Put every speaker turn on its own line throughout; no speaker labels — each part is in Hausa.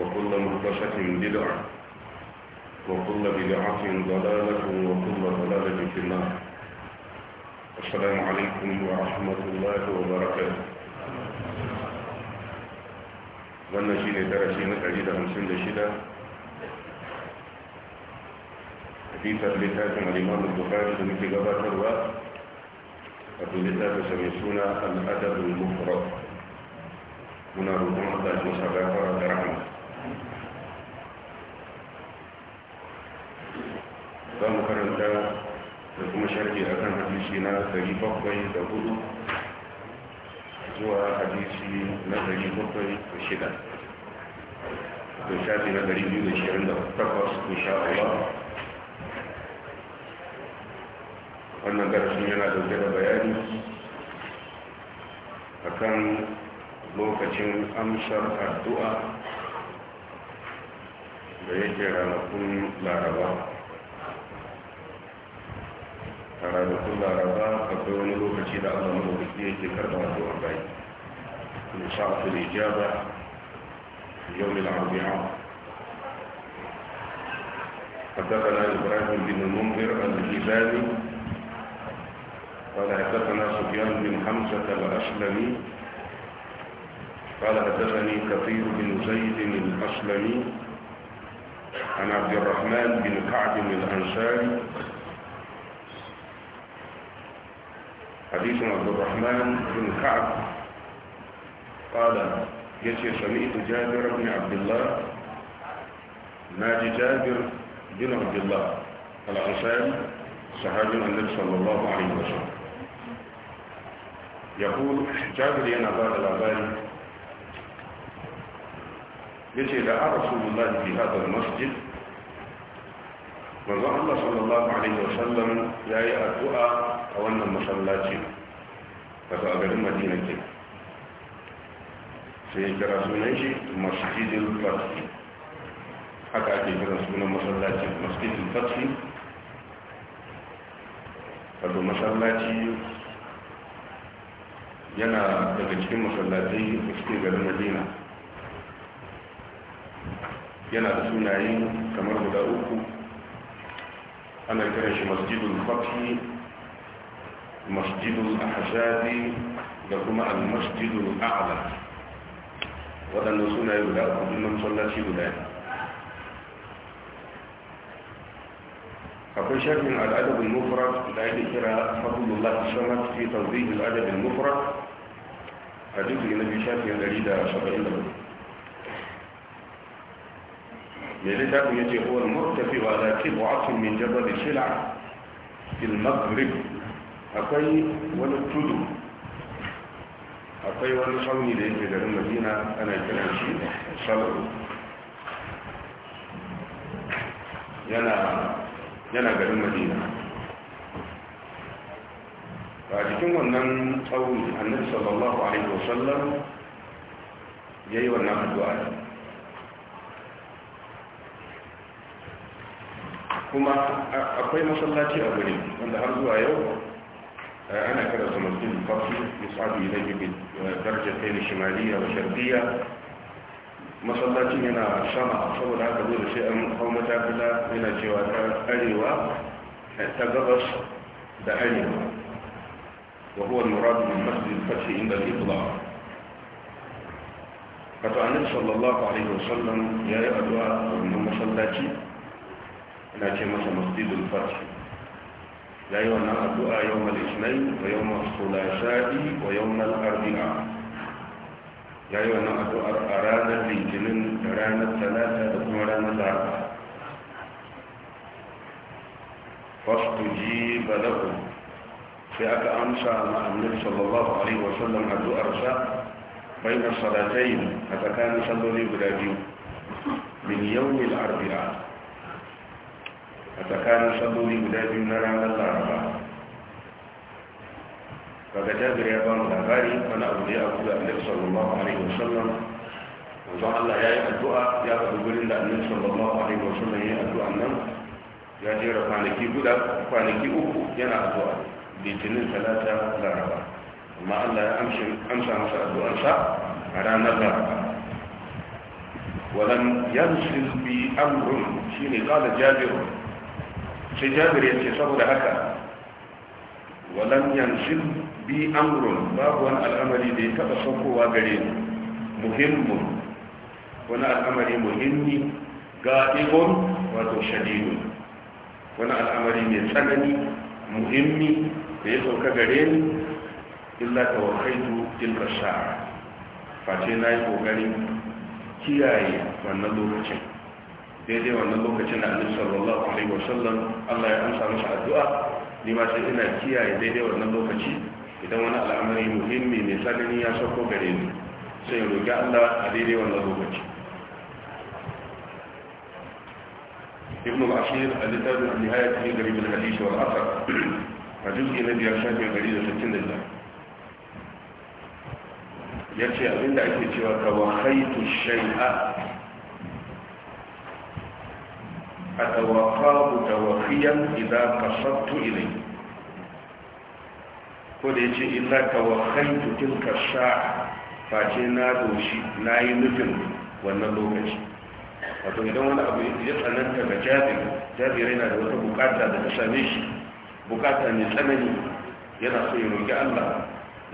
وكل مهدشة بدعة وكل بدعة ضلالة وكل ضلالة في النار السلام عليكم ورحمة الله وبركاته وانا شين درسي متعجيدة من سنة الشدة في تبليتات الإمام البخاري من كتابات الرواق التي تسمى الأدب المفرد muna roƙon Allah ya sa gafara da rahama za mu karanta da kuma sharhi akan hadisi na 704 zuwa hadisi na 706 da shafi na 228 insha Allah wannan darasin yana dauke da bayani akan lokacin amsar addu'a da yake ranakun laraba a ranakun laraba akwai wani lokaci da allah maɗaukaki yake karɓar addu'a bai nisa'atul ijaba yau mil arbi'a حدثنا إبراهيم بن المنذر الهلالي قال حدثنا سفيان بن حمزة الأسلمي قال حدثني كثير بن زيد الأسلمي عن عبد الرحمن بن كعب الأنصاري حديث عبد الرحمن بن كعب قال يسي سمعت جابر بن عبد الله ناجي جابر بن عبد الله الأنصاري صحابي النبي صلى الله عليه وسلم يقول جابر ينبال الأباري yace da rasulullahi fi hadha almasjid manzon Allah sallallahu alaihi wasallam yayi addu'a a wannan masallaci wato a garin Madina ke sai kira sunan shi masjidil fath haka ake kira sunan masallaci masjidil fath wato masallaci yana daga cikin masallatai da suke garin Madina yana da sunaye kamar guda uku ana kiran shi masjidul fathi masjidul ahshadi da kuma al-masjidul a'la waɗannan sunaye guda uku dinnan masallaci guda ne akwai sharhin al'adabin mufrad da ake kira fadlullah samad fi tawdih al'adabin mufrad hadisi na biyu shafin 174 ذلك الذي هو المرتفع على كبعات من جبل شلع في المغرب أقي ونبتدو أقي ونصوني لإنك جاء المدينة أنا جلسي صبر ينا ينا جاء المدينة فأجتم أن النبي صلى الله عليه وسلم جاء ونبتدو الدعاء kuma akwai masallaci a wurin wanda har zuwa yau ana karanta masjid al-fathi yusadu ilayhi bi darjatayn shimaliya wa sharqiyya masallacin yana sama saboda haka dole sai an hau matakala yana cewa ta arewa ta gabas da arewa wa huwa al-murad min masjid al-fath inda al-itlaq wato annabi sallallahu alaihi wasallam ya yi addu'a a wannan masallaci لكن مش مصديد الفتح لا يوم الدعاء يوم الاثنين ويوم الثلاثاء ويوم الاربعاء لا يوم الدعاء اراد جنن رانا الثلاثة ثم رانا الاربعاء فاستجيب له في أكا أمسى مع النبي صلى الله عليه وسلم الدعاء رساء بين الصلاتين أتكان صلوا لي من يوم الأربعاء a tsakanin salloli guda biyu na ranar laraba kaga jabir ya ba labari wani abu da ya abu da annabi sallallahu alaihi wasallam manzon Allah ya yi addu'a ya faɗi gurin da annabi sallallahu alaihi wasallam ya yi addu'a nan ya jera kwanaki guda kwanaki uku yana addu'a litinin talata laraba amma Allah ya amsa masa addu'arsa a ranar laraba ولم ينسل بأمر شيني قال جابر sai jabir ya ce saboda haka walam yansil bi amrun babu wani al'amari da ya taba saukowa gare ni muhimmin wani al'amari muhimmi ga ibon wato shadidu wani al'amari mai tsanani muhimmi da ya sauka gare ni illa ta wakaitu tilka sa'a face na yi ƙoƙarin kiyaye wannan lokacin daidai wannan lokacin da annabi sallallahu alaihi wasallam Allah ya amsa masa addu'a ni ma sai ina kiyaye daidai wannan lokaci idan wani al'amari muhimmi mai tsanani ya sauko gare ni sai roƙi Allah a daidai wannan lokaci ibn al-ashir al-litab an-nihayat fi gharib al-hadith wal asar a juz'i na biyar shafi gari da sittin da ya ce abinda ake cewa ka kawakaitu shay'a atawaffahu tawaffiyan idza qasadtu ilayhi ko da ya yace illa tawaffaitu tilka sa'a face na doshi na yi nufin wannan lokaci wato idan wani abu ya tsananta ga jabir jabir yana da wata bukata da ta same shi bukata mai tsanani yana so ya roƙi allah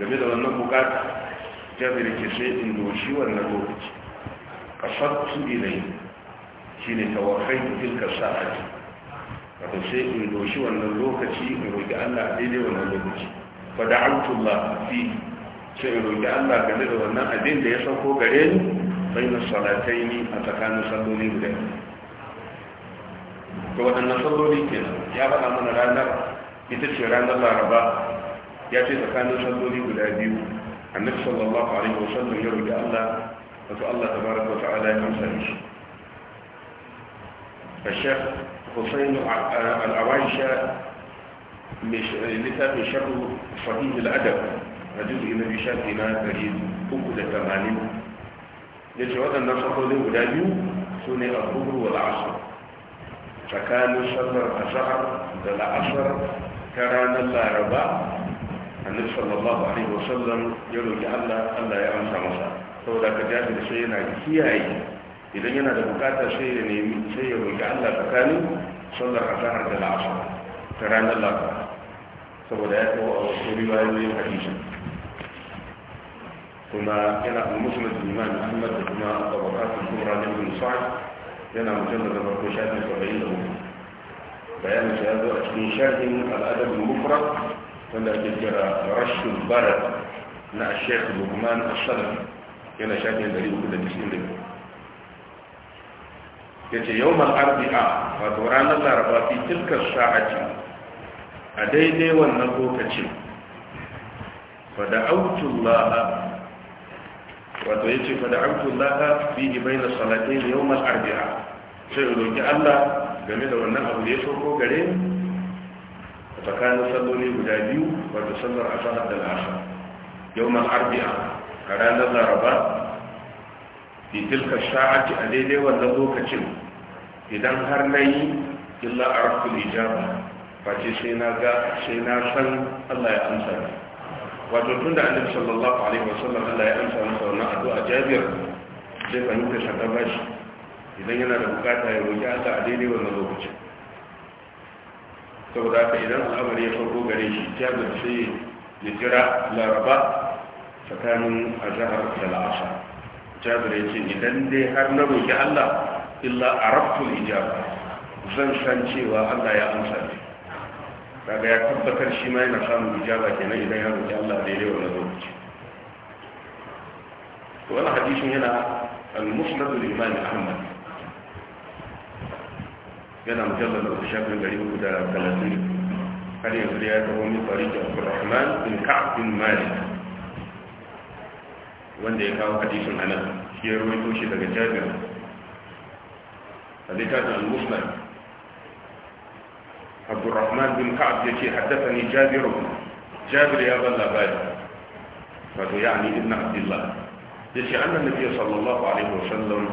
game da wannan bukata jabir ke sai in doshi wannan lokaci kasattu ilai shine tawaffaitu tilka sa'ati wato sai in doshi wannan lokaci in roki Allah daidai wannan lokaci fa da'awtu Allah fi sai in roki Allah game da wannan abin da ya sauko gare ni bayin salataini a tsakanin salloli guda to waɗannan salloli kenan ya faɗa mana ranar ita ce ranar laraba ya ce tsakanin salloli guda biyu annabi sallallahu alaihi wasallam ya roki Allah wato Allah tabaraka wa ta'ala ya amsa shi الشيخ حسين العوايشة لتابع شرح صحيح الأدب الجزء الذي شاف هنا تريد أكل تمانين يجوز أن نصفه له ودايو سنة الظهر والعصر فكان صلر أزهر دل عصر كران الله ربا النبي صلى الله عليه وسلم يقول الله الله يا أنسى مصر فهو ذاك جاهد سينا كيائي idan yana da bukata sai ya nemi sai ya roƙi Allah tsakanin sallar azhar da la'asar ta ranar laraba saboda ya kawo a wasu riwayoyin hadisi kuma yana da musulun imam muhammad da kuma tabakatun kumra na ibn sa'ad yana mutum da farko shafin saba'in da hudu bayanin sa ya zo a cikin sharhin al'adar mufrad wanda ake kira rashul barat na shekh lukman assalam yana shafin 392 ya ce yau mal'arbi'a wato ranar laraba fi tilkar sa'aci a daidai wannan lokacin fada autullaha wato ya ce fada autullaha fi ibaina salatin yau mal'arbi'a sai roƙi allah game da wannan abu da ya soko gare tsakanin salloli guda biyu wato sallar asahar da lasa yau mal'arbi'a a ranar laraba fi tilka sha'ati a daidai wannan lokacin idan har na yi illa arful ba ce sai na ga sai na san Allah ya amsa ni wato tunda annabi sallallahu alaihi wasallam Allah ya amsa masa wannan addu'a Jabir sai fahimta shaka shi idan yana da bukata ya roƙi Allah a daidai wannan lokacin saboda haka idan al'amari ya farko gare shi Jabir sai ya jira Laraba tsakanin azhar da la'asa jabir ya ce idan dai har na roƙi Allah illa arabtul ijaba zan san cewa Allah ya amsa ni kaga ya tabbatar shi ma yana samun ijaba kenan idan ya roƙi Allah daidai wannan lokaci wannan hadisin yana al-musnad al-imam Ahmad yana mujallal da shafin gari uku da kalatin har yanzu ya zama min tariqi Abdurrahman bin Ka'b bin Malik wanda ya kawo hadisin anan shi ya rawaito shi daga jabir a littafin al-muslim rahman bin ka'ab ya ce haddasa ni jabiru jabir ya ban labari wato ya ani ibn abdullah ya ce annan nabi sallallahu alaihi wasallam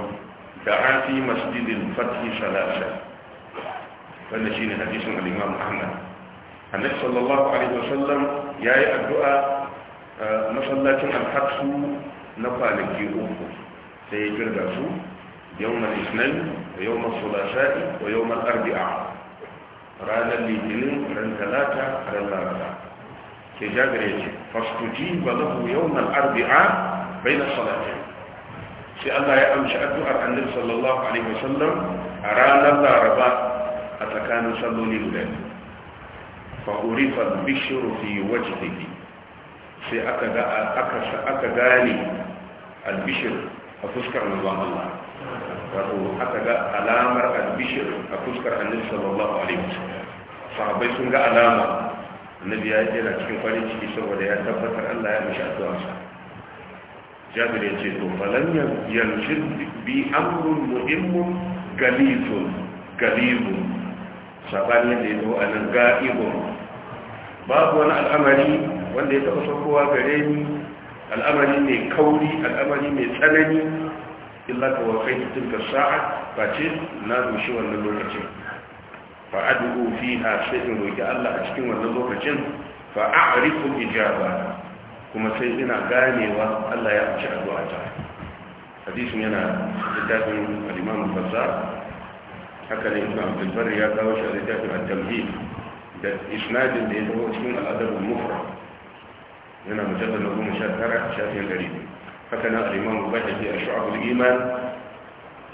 da an fi masjidin fathi salasa wanda shi ne hadisin al-imam muhammad annabi sallallahu alaihi wasallam yayi addu'a masallacin al-fathu na kwanaki uku sai ya kirga su yawon isnani da yawon sulasha'i da yawon arbi'a ranar litinin ran talata ran larata ke jagare ce fastuji ba lahu yawon arbi'a bai na salatin sai allah ya amshi addu'ar annabi sallallahu alaihi wasallam a ranar laraba a tsakanin salloli guda fa'urifar bishiru fi wajen sai aka gane albishir a fuskar manzon Allah wato aka ga alamar albishir a fuskar annabi sallallahu alaihi wasallam sahabbai sun ga alama annabi ya je da cikin farin ciki saboda ya tabbatar Allah ya mishi addu'a jabir ya ce to falan yanshid bi amrun muhimmun galizun galizun sabani ne ya anan ga'ibun babu wani al'amari wanda ya taɓa sokowa gare ni al'amari mai kauri al'amari mai tsanani illa ka wa kai tilka sa'a ba ce na doshi wannan lokacin fa ad'u ha, sai in roƙi Allah a cikin wannan lokacin fa a'rifu ijaba kuma sai ina ganewa Allah ya ci addu'a ta hadisin yana littafin al-Imam al-Bazzar haka ne ibn Abdul ya kawo shi a littafin at-Tamhid da isnadin da ya zama cikin al-Adab al-Mufrad هنا مجدد لهم شاد ترى شافيا جديد فكان الإمام في الشعب الإيمان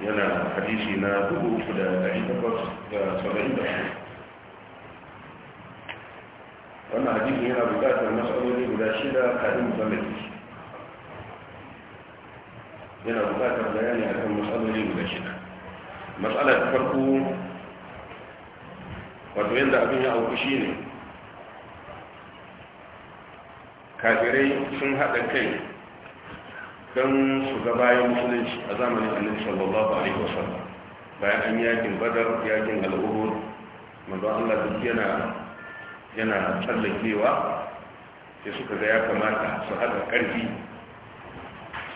هنا حديثي حديثنا دبو فدا عيدة فصدعين بحيث وما حديثي هنا بكاتنا مسؤولي ولا شدا قادم فمت هنا بكاتنا بياني أكون مسؤولي ولا شدا مسألة فرقو وتوين ده أبنى أو تشيني kafirai sun haɗa kai don su ga bayan musulunci a zamanin annabi sallallahu alaihi wasallam bayan an yakin badar yakin al'ubur manzon Allah duk yana yana tsallakewa sai suka ga ya kamata su haɗa ƙarfi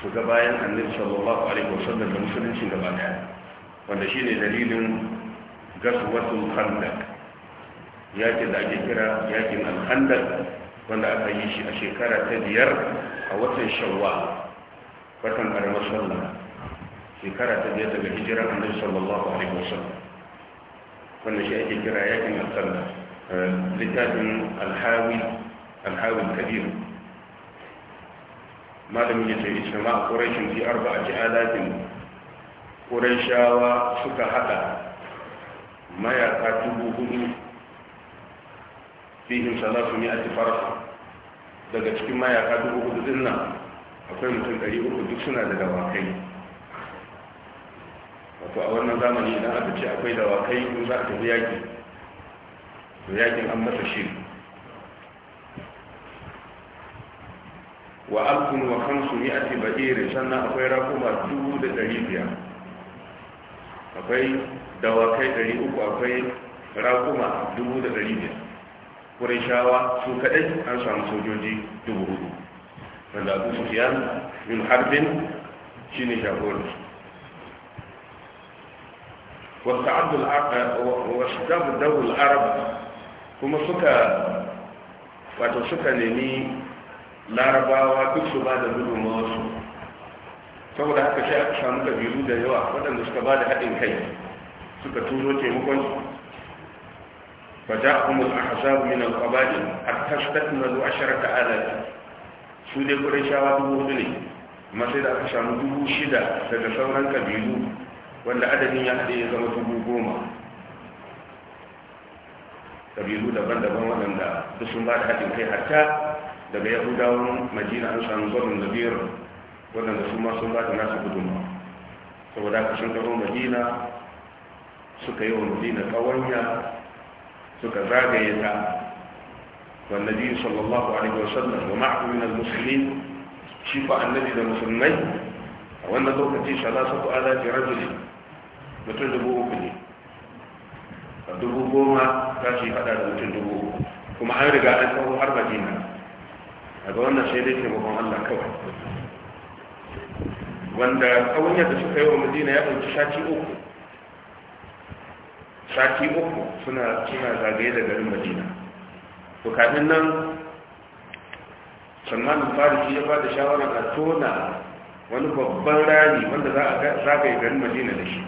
su ga bayan annabi sallallahu alaihi wasallam da musulunci gaba ɗaya, wanda shine dalilin gaswatul khandaq yakin da ake kira yakin al-khandaq wanda aka yi shi a shekara ta biyar a watan shawwa watan karamar sallah shekara ta biyar daga hijirar annabi sallallahu alaihi wasallam wannan shi ake kira yakin al-sallah eh, littafin alhawi alhawi kabir malamin ya ce ijtima'a quraishin fi arba'ati alatin ƙorashawa suka haɗa mayaka dubu hudu fihim salatu mi'ati farsa daga cikin mayaka dubu hudu din nan akwai mutum ɗari uku duk suna da dawakai wato a wannan zamani idan aka ce akwai dawakai in za a tafi yaƙi to yaƙin an masa shi wa alkun wa kansu mi'ati ba'irin sannan akwai rakuma dubu da ɗari biyar akwai dawakai ɗari uku akwai rakuma dubu da ɗari biyar shawa su kaɗai an samu sojoji dubu hudu wanda abu sufiyan bin harbin shi ne shagorin wasu dabu dabu arab kuma suka wato suka nemi larabawa duk su ba da su. saboda haka sai aka samu kabilu da yawa waɗanda suka ba da haɗin kai suka turo taimakon فجاءهم الأحزاب من القبائل حتى استكملوا عشرة آلاف su dai shawa dubu hudu ne amma sai da aka samu dubu shida daga sauran kabilu wanda adadin ya haɗe ya zama dubu goma kabilu daban-daban waɗanda duk sun ba da haɗin kai hatta daga yahudawan majina an samu gwamnan da biyar waɗanda su ma sun ba da nasu gudunmawa saboda aka sun gaba madina suka yi wa madina ƙawanya suka zagaye ta wa annabi sallallahu alaihi wa sallam wa ma'a min al-muslimin shi fa annabi da musulmai a wannan lokaci shalasatu ala fi rajuli mutum dubu uku ne a dubu goma ta shi fada da mutum dubu uku kuma an riga an kawo har madina a ga wannan sai dai taimakon allah kawai wanda kawun yadda suka yi wa madina ya ɗauki shaci uku sati uku suna zagaye da garin madina to kafin nan salmanin farisi ya ba da shawarar a tona wani babban rami wanda za a zagaye garin madina da shi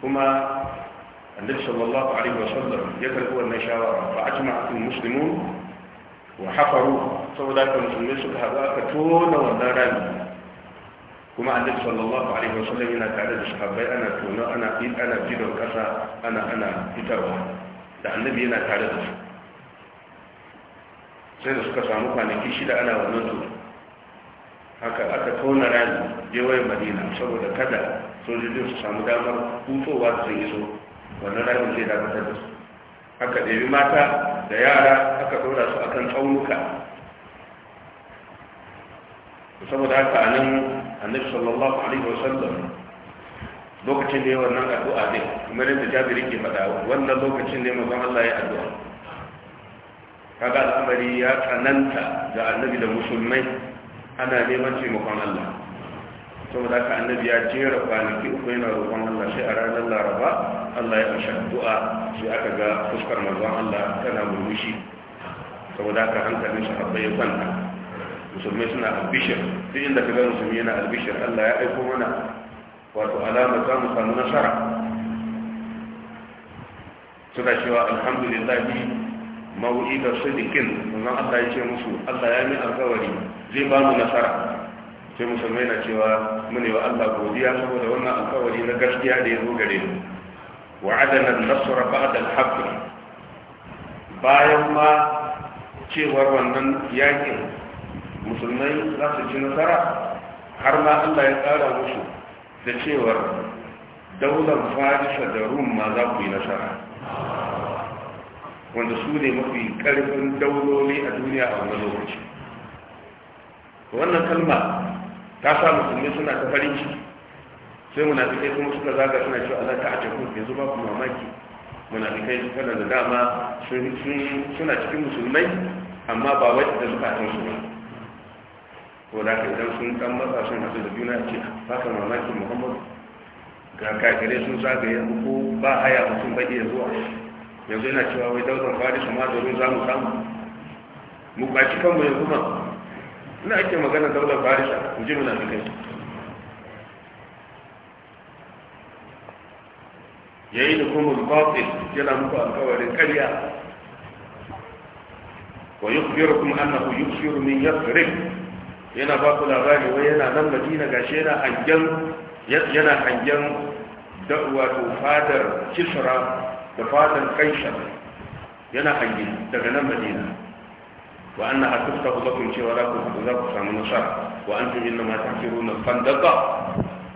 kuma annabi sallallahu alaihi wasallam ya karbi wannan shawara fa ajma'atul muslimun wa hafaru saboda kan musulmai suka haɗu aka tona wannan rami kuma a duk sallallahu alaihi wasallam yana tare da sahabbai ana tona ana ana jidon kasa ana ana fitarwa da annabi yana tare da su sai da suka samu kwanaki shida ana wannan tona haka aka tona rani jewayen madina saboda kada sojojin su samu damar hutowa da sun iso wannan rani zai dakatar da su haka ɗebi mata da yara aka ɗora su akan tsaunuka saboda haka anan annabi sallallahu alaihi wasallam lokacin da ya wannan addu'a din kuma da jabiri ke faɗa wannan lokacin ne mazan Allah ya addu'a kaga al'amari ya tsananta ga annabi da musulmai ana neman taimakon Allah saboda haka annabi ya jera kwanaki uku yana roƙon Allah sai a ranar laraba Allah ya amshi addu'a sai aka ga fuskar mazan Allah tana murmushi saboda haka hankalin sahabbai ya kwanta Musulmi suna albishir duk inda ka ga musulmi yana albishir Allah ya aiko mana wato alama za mu samu nasara suna cewa alhamdulillah da sadikin wannan Allah ya ce musu Allah ya yi alkawari zai ba mu nasara sai musulmai na cewa mune wa Allah godiya saboda wannan alkawari na gaskiya da ya zo gare mu wa adana nasara ba'da al bayan ma cewar wannan yakin musulmai za su ci nasara har ma allah ya tsara musu da cewar daular farisa da rum ma za ku yi nasara wanda su ne mafi karfin dauloli a duniya a wani lokaci wannan kalma ta sa musulmi suna ta farin ciki sai munafikai kuma suka zaga suna cewa Allah ta kuma yanzu ba ku mamaki munafikai suka da dama suna cikin musulmai amma ba wai da zukatan su ba ko da ka idan sun kan matsa sun hasu da juna ce haka ah, mamakin muhammadu ga kakire sun yanzu ko ba haya mutum ba iya zuwa yanzu yana cewa wai daular fari su ma domin za mu samu mu kwaci kanmu yanzu ma ina ake magana daular fari sa mu ji muna Ya yi da kuma batil yana muku alƙawarin karya. wa kuma annahu yushiru min yathrib yana ba ku labari wai yana nan madina gashi yana hangen yana hangen da wato fadar kisra da fadar kaisar yana hangi daga nan madina wa anna hatta lakum cewa za ku za ku samu nasara wa antum inna ma tahkiruna fandaqa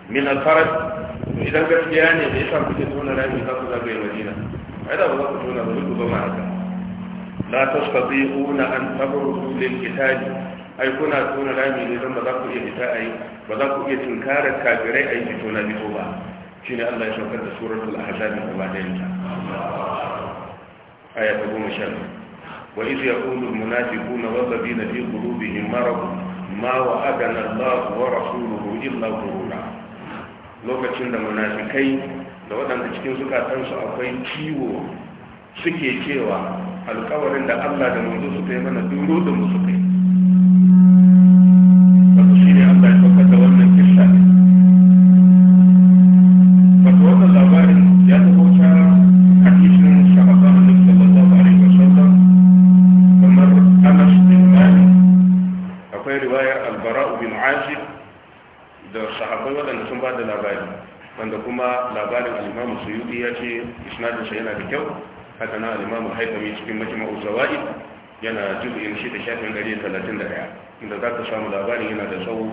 min al-farad idan gaskiya ne da yasa kuke tona rami za ku zagaye madina ai da ba za ku tona ba ku zama haka la tastati'una an tabrudu lil kitabi ai kuna tona rami ne don ba za ku iya fita ai ba za ku iya tunkarar kafirai ai fito na fito ba ne Allah ya saukar da suratul ahzab ba da yanta aya ta goma sha wa iz yaqulu al munafiquna wal na fi qulubihim marad ma wa'adana Allah wa rasuluhu illa ghurura lokacin da munafikai da waɗanda cikin zukatansu akwai ciwo suke cewa alkawarin da Allah da manzo suka yi mana duro da mu kai. Akwai waɗanda sun ba da labari wanda kuma labarin alimamu Yudi ya ce isnadinsa yana da kyau haka na alimamu haifami cikin majma'u zawa'i yana jubi'in shi da shafin gari talatin da ɗaya inda za ka samu labarin yana da tsawo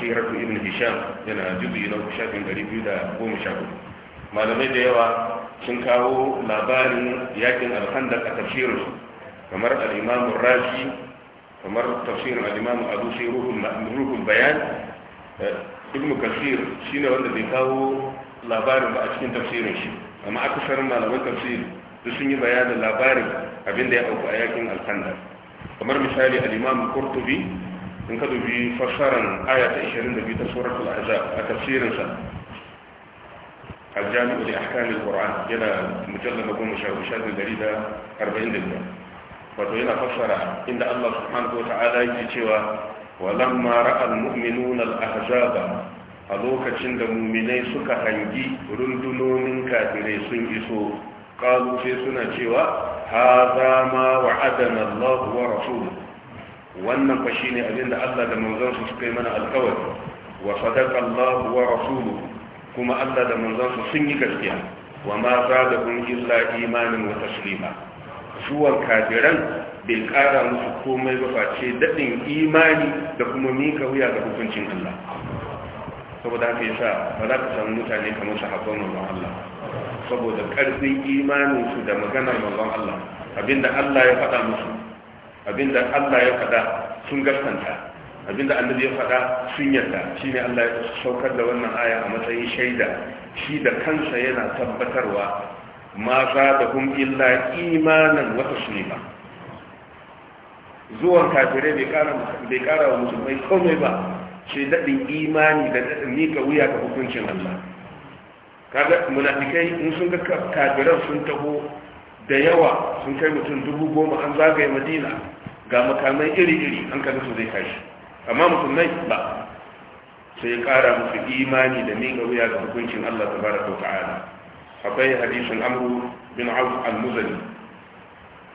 siratu ibn hisham yana jubi'i na shafin gari biyu da goma sha hudu malamai da yawa sun kawo labarin yakin alhanda a tafsirinsu kamar alimamu razi kamar tafsirin alimamu abu sai ruhun bayan eh, ibn shi ne wanda bai kawo labarin ba a cikin tafsirin shi amma akasarin malaman tafsiri duk sun yi bayanin labarin abin da ya auku a yakin alkandar kamar misali alimam imam qurtubi in ka dubi fassaran aya ta 22 ta suratul ahzab a tafsirinsa. sa al-jami' li ahkam al-qur'an yana goma mujallad 10 wato yana fassara inda Allah subhanahu wa ta'ala yake cewa walamma ra'al mu'minuna al a lokacin da muminai suka hangi rundunonin kafirai sun iso kalu sai suna cewa haza ma wa'adana Allah wa rasuluhu wannan ba shi ne abinda Allah da manzansa suka yi mana alkawari wa sadaqa Allahu wa rasuluhu kuma Allah da manzansa sun yi gaskiya wa ma zadahum illa imanin wa taslima mutuwar kafiran bai kara musu komai ba face daɗin imani da kuma mika wuya ga hukuncin Allah saboda haka yasa ba za ka samu mutane kamar sahabban manzon Allah saboda ƙarfin imaninsu da maganar manzon Allah abinda Allah ya faɗa musu abinda Allah ya faɗa sun gaskanta abinda annabi ya faɗa sun yarda shine Allah ya saukar da wannan aya a matsayin shaida shi da kansa yana tabbatarwa ma zadahum illa imanan wa taslima zuwan ba. Zuwan kafire bai kara wa musulmai komai ba sai daɗin imani da daɗin mika wuya ga hukuncin Allah kaga munafikai in sun ga kafiran sun taho da yawa sun kai mutum dubu goma an zagaye madina ga makamai iri-iri an kada su zai tashi amma musulmai ba sai ya kara musu imani da miƙa wuya ga hukuncin Allah tabaraka wa ta'ala akwai hadisin amru bin auf al-muzani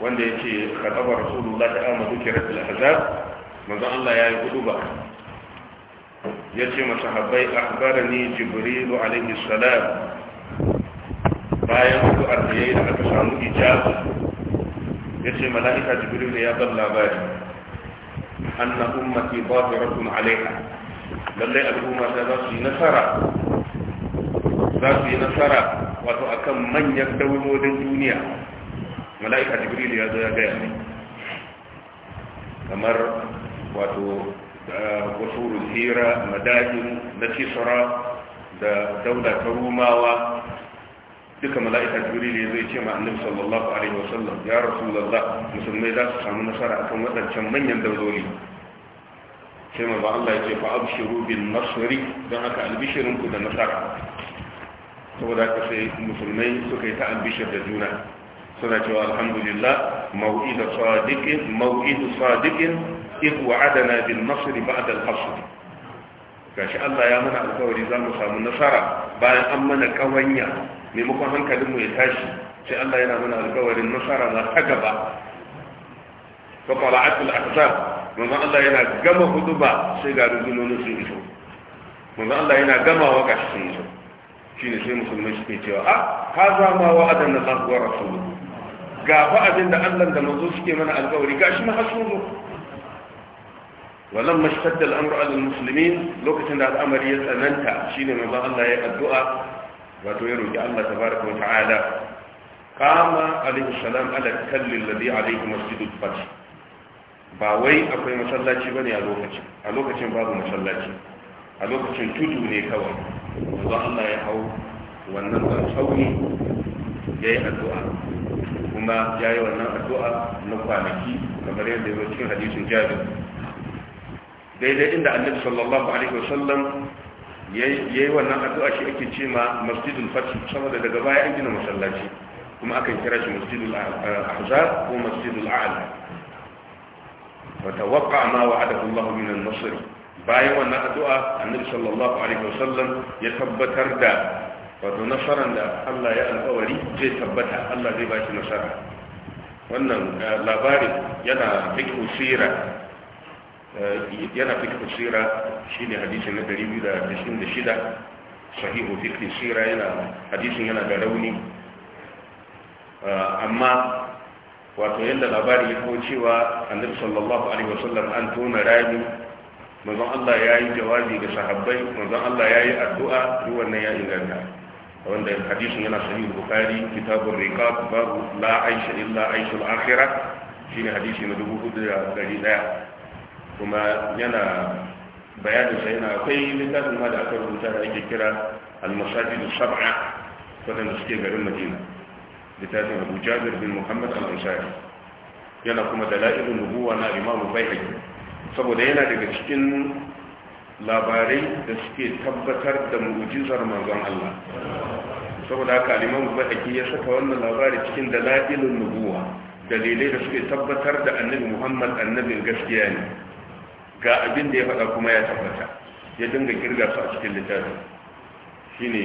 wanda ya ce, yake khataba rasulullah ta amadu kirat al-hazab manzon Allah ya yi ba. Ya ce huduba yace masahabbai akhbarani jibril alaihi salam bayan addu'ar da yayi da aka samu Ya ce malaika jibril ya ban labari anna ummati zahiratun alaiha lallai al'umma ta za su yi nasara za su yi nasara wato akan manyan daulodin duniya mala'ika jibril ya zo ya gaya ne kamar wato wasurul hira madadin na kisra da daula ta rumawa duka mala'ika jibril ya zai ce ma'anin sallallahu alaihi wasallam ya rasu lalla. musulmai za su samu nasara akan waɗancan manyan dauloli sai ma ba Allah ya ce fa abshiru bin nasri don haka albishirinku da nasara saboda haka sai musulmai suka yi ta ambishar da juna suna cewa alhamdulillah mau'idu sadiqin mau'idu sadiqin id wa'adana bil nasr ba'da al hasr gashi Allah ya mana alƙawari za mu samu nasara bayan an mana kawanya maimakon hankalin mu ya tashi sai Allah yana mana alƙawarin nasara na ta gaba fa qala'at al ahzab manzon Allah yana gama huduba sai ga rundunonin sun iso manzon Allah yana gamawa gashi sun iso ne sai musulmai suke cewa ah, a haza ma wa'adan na zahuwa rasulu ga fa da Allah da mazu suke mana alƙawari gashi na hasulu walam mashtadda al-amru ala lokacin da al'amari ya tsananta shine mazan Allah ya addu'a wato ya roki Allah tabaraka wa ta'ala kama alaihi salam ala kallil ladhi alaihi masjidul fath ba wai akwai masallaci bane a lokacin a lokacin babu masallaci a lokacin tudu ne kawai zan Allah ya hau wannan zan sauri ya yi addu'a kuma ya yi wannan addu'a na kwanaki kamar yadda yau cikin hadisin jabir
daidai inda annabi sallallahu alaihi wasallam ya yi wannan addu'a shi ake ce ma masjidul fatih saboda daga baya an gina masallaci kuma akan kira shi masjidul ahzab ko masjidul a'la
wa tawaqqa ma wa'adahu Allah min an-nasr bayan wannan addu'a annabi sallallahu alaihi wasallam ya tabbatar da wato nasaran da Allah ya alƙawari zai tabbata Allah zai ba shi nasara wannan eh, labarin yana fiqh sirah eh, yana fikin sira shi ne hadisi na 296 sahihu fikin sira yana hadisin yana da rauni eh, amma wato yadda labarin ya kawo cewa annabi sallallahu alaihi wasallam an tona rami manzon Allah ya yi jawabi ga sahabbai manzon Allah ya yi addu'a duk wannan ya inganta wanda hadisin yana sahih bukhari kitabur riqab babu la aisha illa aishul akhirah shine hadisi na 4100 kuma yana bayanin sa yana akwai littafin ma da aka rubuta da ake kira al-masajid sab'a wadanda suke garin madina littafin abu jabir bin muhammad al-ansari yana kuma dalailun nubuwa na imamu baihaqi saboda yana daga cikin labarai da suke tabbatar da mu'jizar manzon Allah saboda haka liman baƙi ya saka wannan labari cikin dalailun nubuwa dalilai da suke tabbatar da annabi Muhammad annabin gaskiya ne ga abin da ya faɗa kuma ya tabbata ya dinga kirga su a cikin littafin shine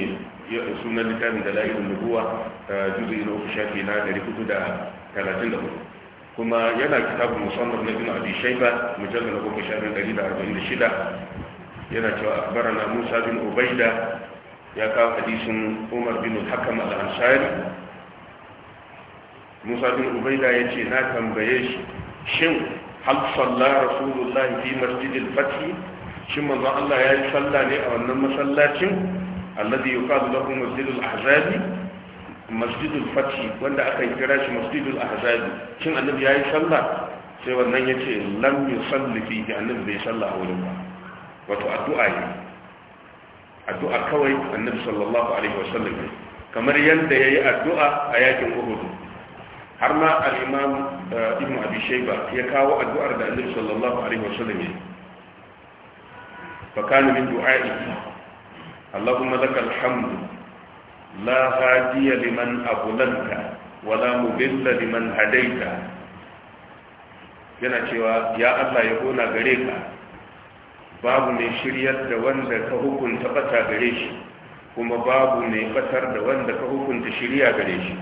sunan littafin dalailun nubuwa eh, juzu'i na uku shafi na 434 kuma yana kitabun musamman na ibn abi shayba mujallal 146 yana cewa akbarana musa bin ubaida ya kawo hadisin umar bin hakam al-ansari musa bin ubaida ya ce na tambaye shi shin hal salla rasulullah fi masjid al-fath shin manzo Allah ya yi salla ne a wannan masallacin alladhi yuqalu lahu masjid al-ahzab masjidul Fati wanda aka kira shi masjidul ahzabi shin annabi yayi sallah sai wannan yace lam yusalli fihi annabi bai sallah a wurin ba wato addu'a ne addu'a kawai annabi sallallahu alaihi wasallam kamar yanda yayi addu'a a yakin Uhud har ma al-imam eh, ibn abi shayba ya kawo addu'ar da annabi sallallahu alaihi wasallam ya fa kana min du'a'i Allahumma lakal hamdu لا هادي لمن أضللت ولا مضل لمن هديت yana cewa ya Allah ya gona gare ka babu mai shiryar da wanda ka hukunta bata gare shi kuma babu mai batar da wanda ka hukunta shirya gare shi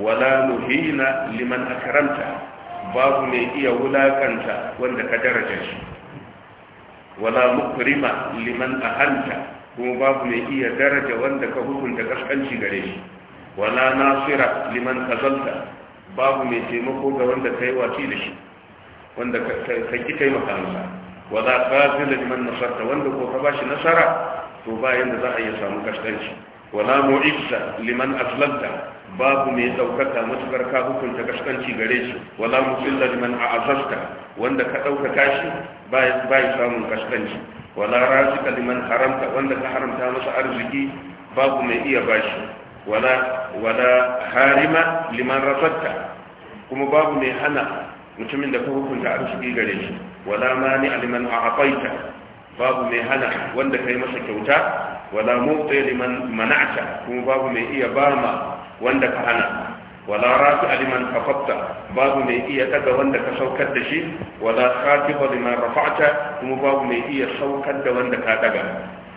wala hina liman akramta babu mai iya wulakanta wanda ka daraja shi wala mukrima liman ahanta kuma babu mai iya daraja wanda ka hukunta kaskanci gare shi wala nasira liman kazalta babu mai taimako ga wanda ka yi wati da shi wanda ka ki taimaka masa wala qazila liman nasarta wanda ko ka shi nasara to bayan da za a iya samu kaskanci wala mu'izza liman azlalta babu mai ɗaukaka matukar ka hukunta kaskanci gare shi wala musilla liman a'azasta wanda ka dauka shi bai samun kaskanci wala razika liman haramta wanda ka haramta masa arziki babu mai iya bashi wala wala harima liman rafatta kuma babu mai hana mutumin da ka hukunta arziki gare shi wala mani liman a'ataita babu mai hana wanda kai masa kyauta wala mu'ti liman mana'ta kuma babu mai iya bama wanda ka hana wala rafi aliman kafatta babu mai iya daga wanda ka saukar da shi wala khatiba liman rafa'ta kuma babu mai iya saukar da wanda ka daga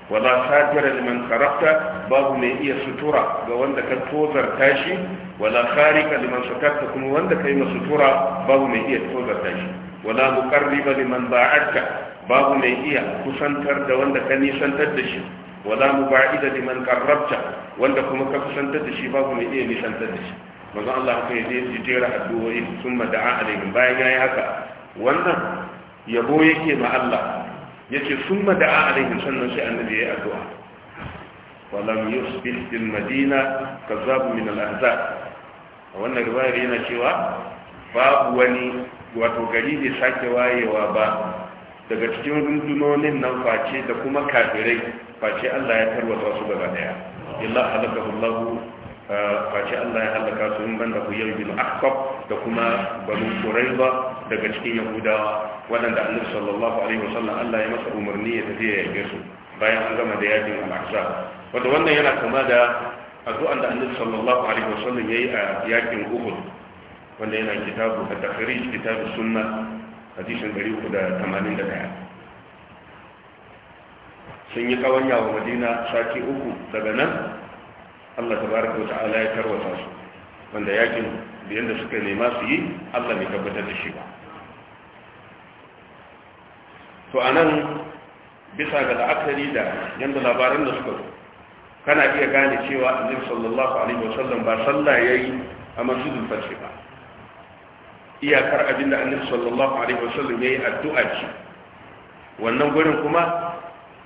wala satira liman karafta babu mai iya sutura ga wanda ka tozarta shi wala kharika liman sutarta kuma wanda ka yi ma sutura babu mai iya tozarta shi wala muqarriba liman ba'atka babu mai iya kusantar da wanda ka nisantar da shi wala muba'ida liman qarrabta wanda kuma ka kusantar da shi babu mai iya nisantar da shi manzo Allah haka ya je jera addu'o'i summa da'a alaihim bayan yayi haka wannan yabo yake ma Allah yace summa da'a alaihim sannan sai annabi yayi addu'a walam yusbih bil madina kazab min al ahzab wannan riwayar yana cewa babu wani wato gari da sake wayewa ba daga cikin rundunonin nan face da kuma kafirai face Allah ya tarwata su gaba daya illa halakahu Allah uh, face Allah ya halaka su in banda ku yau bin akhab da kuma banu quraiba daga cikin Yahuda. wadanda annabi sallallahu alaihi wasallam Allah ya masa umarni ya tafi ya yage su bayan an gama da yakin al-ahzab wanda wannan yana kama da addu'an da annabi sallallahu alaihi wasallam yayi a yakin uhud wanda yana kitabu at-takhrij kitabu sunnah hadisin 381 sun yi kawanya wa madina sati uku daga nan allah tabaraka ta'ala ya tarwata su wanda yakin da yadda suka nema su yi allah mai tabbatar da shi ba to a nan bisa ga la'akari da yadda labaran da suka zo kana iya gane cewa annabi sallallahu alaihi wasallam ba sallah yayi a masjidul fath ba iyakar abinda annabi sallallahu alaihi wasallam yayi addu'a ce wannan gurin kuma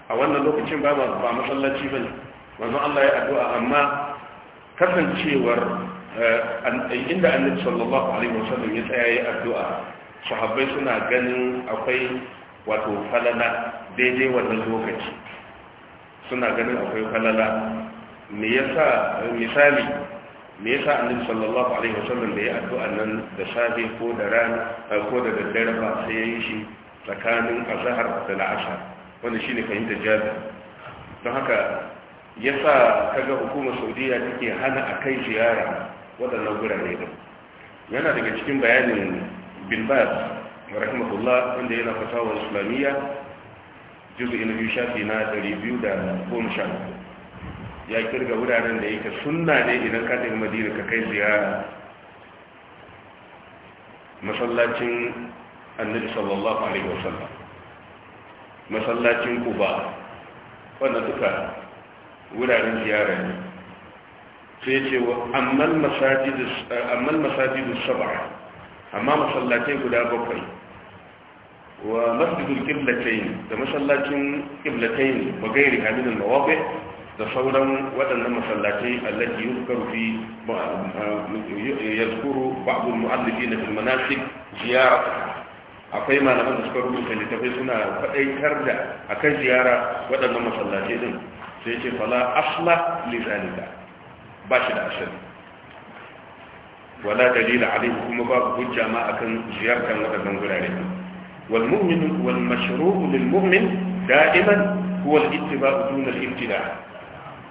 a wannan lokacin ba ba masallaci bane Allah ya addu'a amma kasancewar eh, inda annabi sallallahu alaihi wasallam ya tsaya yayi addu'a sahabbai suna ganin akwai wato falala daidai wannan lokaci suna ganin akwai falala me yasa misali me yasa annabi sallallahu alaihi wasallam bai addu'a nan da safe ko da rana ko da daddare ba sai yayin shi tsakanin azhar da la'asar wannan shine fahimtar jabi don haka yasa kaga hukumar saudiya take hana a kai ziyara waɗannan gurare din yana daga cikin bayanin bin baz rahimahullah wanda yana fatawa islamiyya juz'i na biyu shafi na 210 ya kirga wuraren da yake sunna ne idan ka tafi madina ka kai ziyara masallacin annabi sallallahu alaihi wasallam masallacin kuba wanda duka wuraren ziyara ne sai ce wa ammal masajidu saba amma masallacin guda bakwai wa masjidul kiblatain da masallacin kiblatain wa gairi hamidul mawafi da sauran waɗannan masallatai allati yuzkaru fi yazkuru ba'd al-mu'allifin fi al-manasik ziyara akwai malaman da suka rubuta littafai suna faɗaitar da akan ziyara waɗannan masallatai din sai ce fala asla li zalika ba shi da asali wala dalila alaihi kuma babu hujja ma akan ziyartar waɗannan gurare wal mu'min wal mashru'u lil mu'min da'iman huwa al-ittiba'u duna al-ibtida'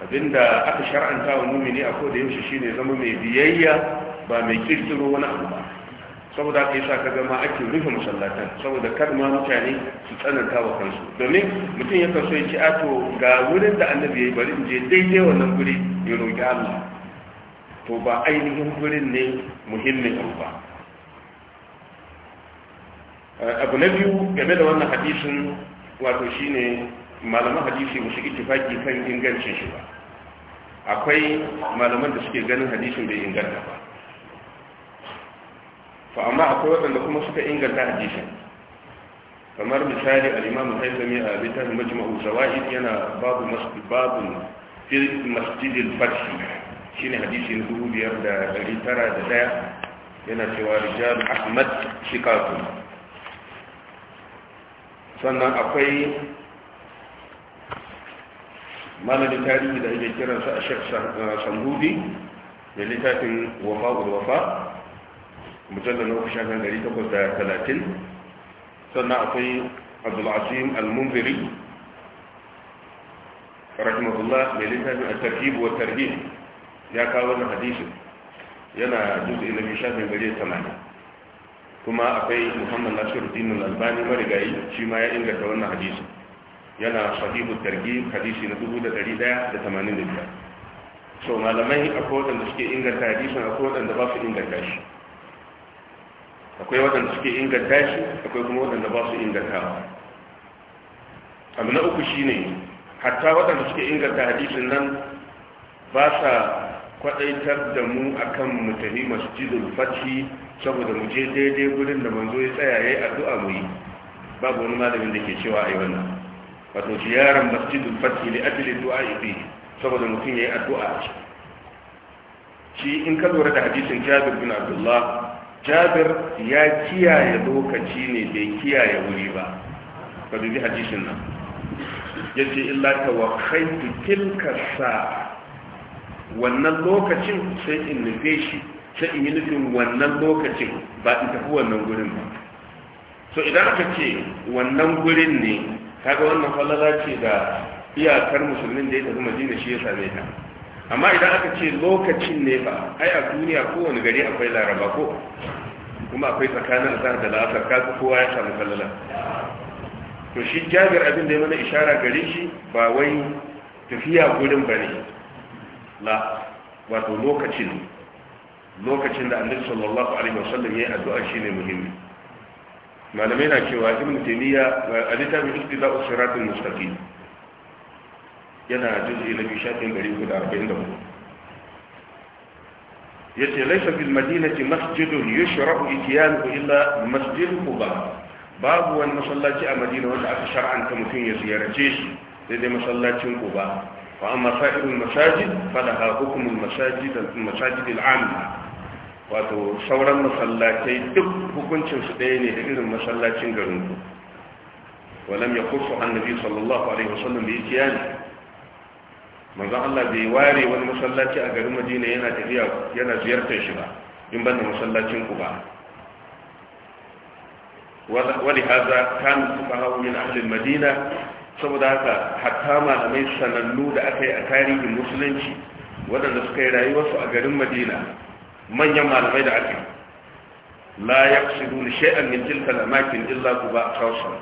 abinda aka shar'anta wa mumini a koda yaushe shine zama mai biyayya ba mai kirkiro wani abu ba saboda aka yasa ka gama ake rufe masallatan saboda kar ma mutane su tsananta wa kansu domin mutum ya kaso ya ci ato ga wurin da annabi ya yi bari in je daidai wannan guri ya roƙi Allah to ba ainihin gurin ne muhimmin abu ba abu na biyu game da wannan hadisin wato shine malaman hadisi musu ittifaki kan ingancin shi ba akwai malaman da suke ganin hadisin bai inganta ba fa amma akwai waɗanda kuma suka inganta hadisin kamar misali al-imam haizami a bitar majma'u zawaid yana babu masjid fi masjid al-fath shine hadisin 2901 yana cewa rijal ahmad shikatun sannan akwai malamin tarihi da ake kiransa a shek sambudi uh, da littafin wafa wafa mujallar na uku shafin 830 sannan akwai Abdulazim al-munziri rahimahullah mai littafin a tarhib wa tarhib ya kawo wannan hadisin yana juzu ilimin shafin 180 kuma akwai muhammad nasiru dinin albani marigayi shi ma ya inganta wannan hadisi yana sahihu targhib hadisi na 1185 so malamai akwai wadanda suke inganta hadisi akwai wadanda ba su inganta shi akwai wadanda suke inganta shi akwai kuma wadanda ba su ba abu na uku shine hatta wadanda suke inganta hadisin nan ba sa kwadaitar da mu akan mutane masu masjidul fati saboda mu je daidai gurin da manzo ya tsaya yayi addu'a mu yi babu wani malamin da ke cewa ai wannan wato ziyarar masjidul fathi li ajli du'a'i fi saboda mutum ya yi addu'a a ciki shi in ka lura da hadisin Jabir bin Abdullah Jabir ya kiyaye lokaci ne bai kiyaye wuri ba ka bi hadisin nan Ya ce illa tawakhaytu tilka sa'a wannan lokacin sai in nufe shi sai in yi nufin wannan lokacin ba in tafi wannan gurin ba so idan aka ce wannan gurin ne kaga wannan falala ce da iyakar musulmin da ya tafi madina shi ya same ta amma idan aka ce lokacin ne ba ai a duniya kowane gari akwai laraba ko kuma akwai tsakanin azhar da la'asar kasu kowa ya samu falala to shi jabir abin da ya mana ishara gare shi ba wai tafiya ba ne. la wato lokacin lokacin da annabi sallallahu alaihi wasallam yayi addu'a shine muhimmi malamai na cewa ibn taymiya a littafin iktida usratul mustaqim yana juz'i na biyu shafin gari guda arba'in da hudu ya ce laisa fil madinati masjidun yushra'u itiyanu illa masjid quba babu wani masallaci a madina wanda aka shar'anta mutum ya ziyarce shi sai dai masallacin quba fa amma sa'irul masajid falaha hukmul masajid al masajid al amma wato sauran masallatai duk hukuncinsu ɗaya ne da irin masallacin garinku walam ya kusa annabi sallallahu alaihi wasallam bai kiya ne manzon Allah bai ware wani masallaci a garin Madina yana tafiya yana ziyartar shi ba in ban da masallacin ku ba wani haza kan fuqaha min ahli madina saboda haka hatta malamai sanannu da aka yi a tarihin musulunci waɗanda suka yi rayuwarsu a garin Madina manyan malamai da aka yi la yaqsidu shay'an min tilka al-amakin illa quba khassa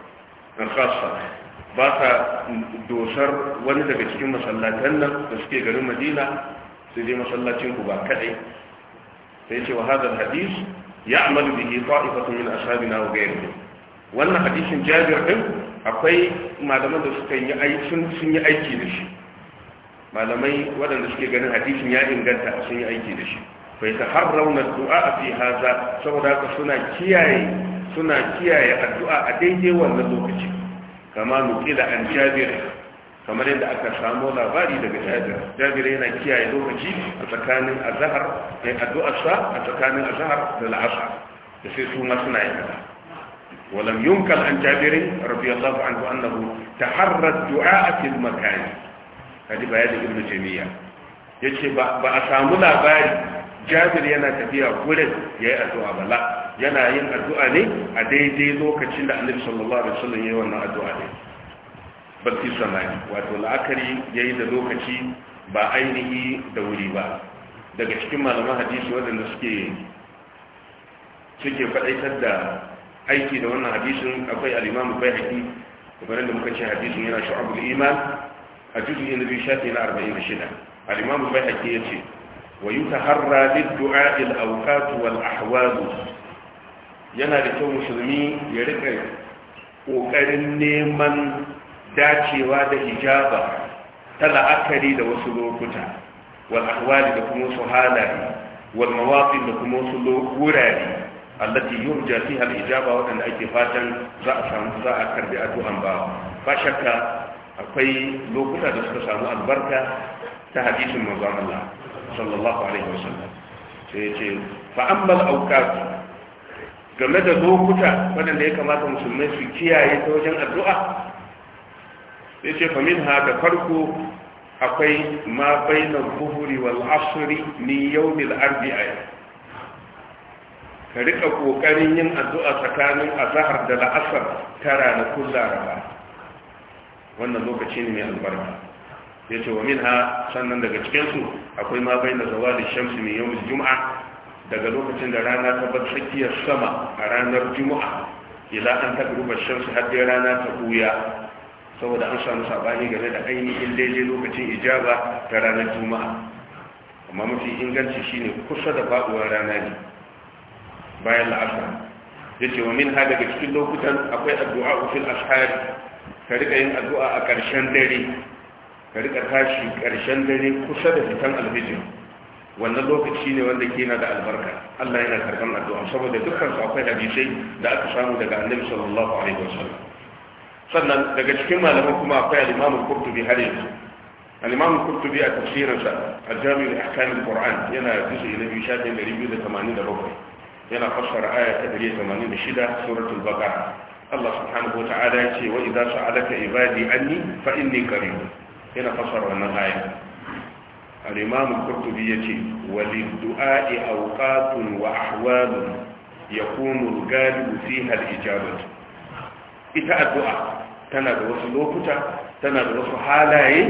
khassa ba ta dosar wani daga cikin masallatan nan da suke garin Madina sai dai masallacin ku ba kadai sai ce wa hadal hadis ya'malu bihi ta'ifatu min ashabina wa ghayrihim wannan hadisin Jabir din akwai malaman da suka yi aiki sun yi aiki da shi malamai waɗanda suke ganin hadisin ya inganta sun yi aiki da shi bai ta har raunar du'a a fi haza saboda haka suna suna kiyaye addu'a a daidai wannan lokaci kama nukila an jabir kamar yadda aka samu labari daga jabir jabir yana kiyaye lokaci a tsakanin azhar mai addu'arsa a tsakanin azhar da da sai ولم ينكر عن جابر رضي الله عنه أنه تحرى الدعاء في المكان هذه بيان ابن تيمية يجي بأسامنا باري jabir yana tafiya gurin ya yi addu'a bala yana yin addu'a ne a daidai lokacin da annabi sallallahu alaihi wasallam yayi wannan addu'a ne barki sanani wato la'akari yayi da lokaci ba ainihi da wuri ba daga cikin malaman hadisi waɗanda suke suke faɗaitar da aiki da wannan hadisin akwai al-imam bayhaqi kamar da muka ce hadisin yana shu'abul iman a juz'in nabi shafi na 46 al-imam ya yace ويتهرى للدعاء الأوقات والأحوال yana da kyau musulmi ya rika ƙoƙarin neman dacewa da hijaba ta la'akari da wasu lokuta wal ahwali da kuma wasu halaye wal mawaqif da kuma wasu wurare allati yurja fiha al ijaba wadanda ake fatan za a samu za a karbi addu'an ba ba shakka akwai lokuta da suka samu albarka ta hadisin manzon Allah sallallahu alaihi wasallam sai ya ce fa ammal game da lokuta waɗanda ya kamata musulmai su kiyaye ta wajen addu'a sai ce famin ha da farko akwai ma bainan buhuri wal asuri ni yaumil arbi'a ka rika kokarin yin addu'a tsakanin azahar da la'asar ta ranakun laraba wannan lokaci ne mai albarka ya ce wa minha sannan daga cikinsu akwai ma bai da zawalin shamsi shamsu mai yau juma'a daga lokacin da rana ta bar tsakiyar sama a ranar juma'a ila an ta gruba shamsu har dai rana ta buya saboda an samu sabani game da ainihin daidai lokacin ijaba ta ranar juma'a amma mafi inganci shine kusa da faduwar rana ne bayan la'asar ya ce wa minha daga cikin lokutan akwai addu'a fil ashari ka rika yin addu'a a ƙarshen dare ka rika tashi ƙarshen dare kusa da fitan alhijir wannan lokaci ne wanda ke na da albarka Allah yana karɓar addu'a saboda dukkan su akwai hadisai da aka samu daga annabi sallallahu alaihi wasallam sannan daga cikin malaman kuma akwai al-Imam Qurtubi har yanzu al-Imam Qurtubi a tafsirinsa al-Jami' al-Ahkam al-Qur'an yana juz'i na 2287 yana fassara aya ta 186 suratul Baqara Allah subhanahu wa ta'ala ya ce wa idza sa'alaka ibadi anni fa inni qarib yana fasara wannan aya al-imam qurtubi yace walid du'a'i awqatun wa ahwalun yakunu al-ghalib fiha al-ijabatu ita addu'a tana da wasu lokuta tana da wasu halaye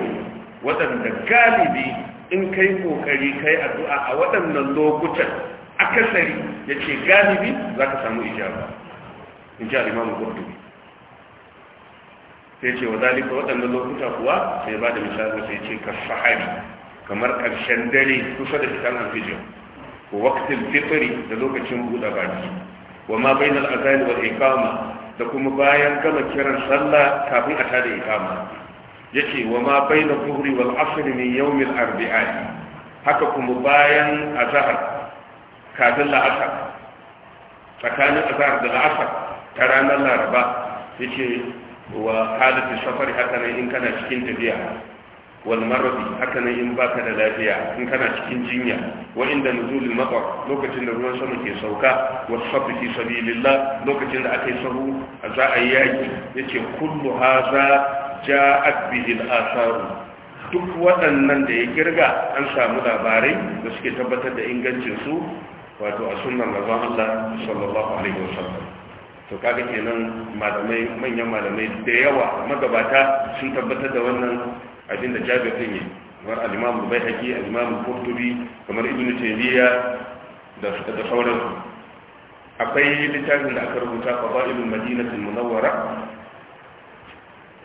waɗanda galibi in kai kokari kai addu'a a waɗannan lokutan akasari yace galibi zaka samu ijaba in ji al-imam qurtubi sai ce wa zalika waɗannan lokuta kuwa sai ba da misali sai ce ka sahari kamar ƙarshen dare kusa da fitan alfijir wa waqtil fitri da lokacin buɗe baki wa ma bai bainal azali wal iqama da kuma bayan gama kiran sallah kafin a tada Ya ce wa ma bainal zuhri wal asr min yawmil arbi'ai? haka kuma bayan azahar kafin la'asar tsakanin azahar da la'asar ta ranar laraba yace wa halatu safari haka in kana cikin tafiya wal maradi in baka da lafiya in kana cikin jinya wa inda nuzulul matar lokacin da ruwan sama ke sauka wasu safi fi sabilillah lokacin da akai sahu a za a yaki yace kullu haza ja'at bihi al-athar duk waɗannan da ya kirga an samu labarai da suke tabbatar da ingancinsu wato a sunan manzon Allah sallallahu alaihi wasallam to kaga kenan malamai manyan malamai da yawa magabata sun tabbatar da wannan abin da jabir din yi kamar al-imam al-baihaqi al-imam qurtubi kamar ibn taymiya da da sauransu akwai littafin da aka rubuta fadailul madinatul munawwara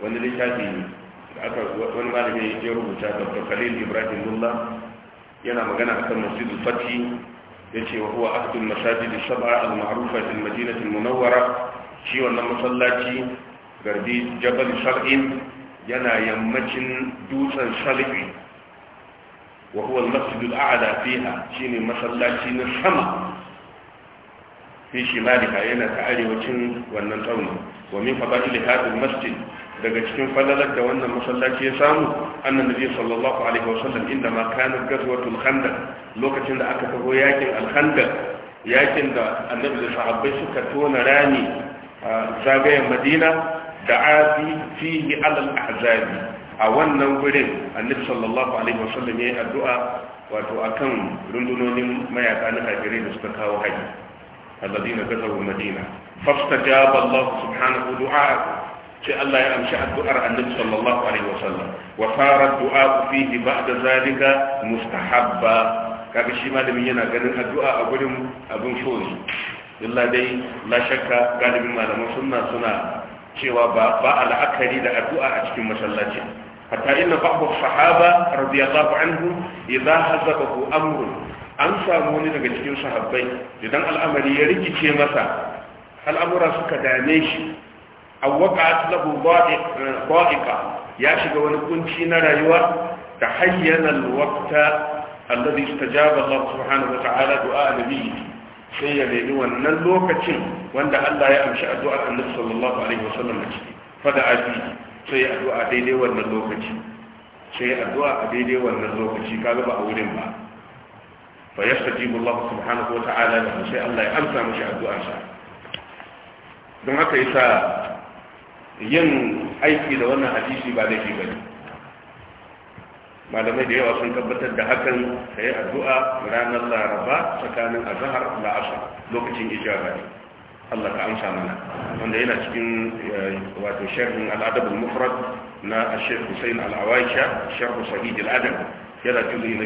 wani littafi da aka wani malami ya rubuta dr khalil ibrahim mullah yana magana akan masjidul fatih yace wa huwa ahdul masajid as-sab'a al-ma'rufa fil madinati al-munawwara shi wannan masallaci garbi jabal shar'in yana yammacin dutsen salibi wa huwa al-masjid al-a'la fiha shine masallaci na sama fi shimaliha yana ta arewacin wannan tsauni wa min fada'il hadal masjid daga cikin falalar da wannan masallaci ya samu annan nabi sallallahu alaihi wasallam inda ma kana gazwatul khandaq lokacin da aka taho yakin al yakin da annabi da sahabbai suka tona a zagayen madina da abi fihi alal ahzabi a wannan gurin annabi sallallahu alaihi wasallam yayi addu'a wato akan rundunonin mayaka na kafirai da suka kawo haji الذين كفروا المدينة فاستجاب الله سبحانه دعاءه شاء الله يمشي الدعاء النبي صلى الله عليه وسلم وصار الدعاء فيه بعد ذلك مستحبا kaga shi malamin yana ganin addu'a a gurin abin shori illa dai la shakka galibin malaman sunna suna cewa ba ba la'akari da addu'a a cikin masallaci hatta inna ba'd sahaba radiyallahu anhu idza hazabahu amrun an samu wani daga cikin sahabbai idan al'amari ya rikice masa al'amura suka dame shi awwaka lahu dha'iqa ya shiga wani kunci na rayuwa da hayyana alwaqta alladhi istajaba Allah subhanahu wa ta'ala du'a nabiyyi sai ya nemi wannan lokacin wanda Allah ya amshi addu'ar Annabi sallallahu alaihi wa sallam da ciki fada abi sai addu'a daidai wannan lokaci sai addu'a a daidai wannan lokaci kaga ba a wurin ba fa yastajibu Allah subhanahu wa ta'ala lahu sai Allah ya amsa mishi addu'arsa don haka sa yin aiki da wannan hadisi ba laifi bane malamai da yawa sun tabbatar da hakan sai addu'a ranar laraba tsakanin azhar da asar lokacin ijaba ne Allah ka amsa mana wanda yana cikin wato sharhin al-adab al-mufrad na Sheikh Hussein al-Awaisha sharh sahih al yana cikin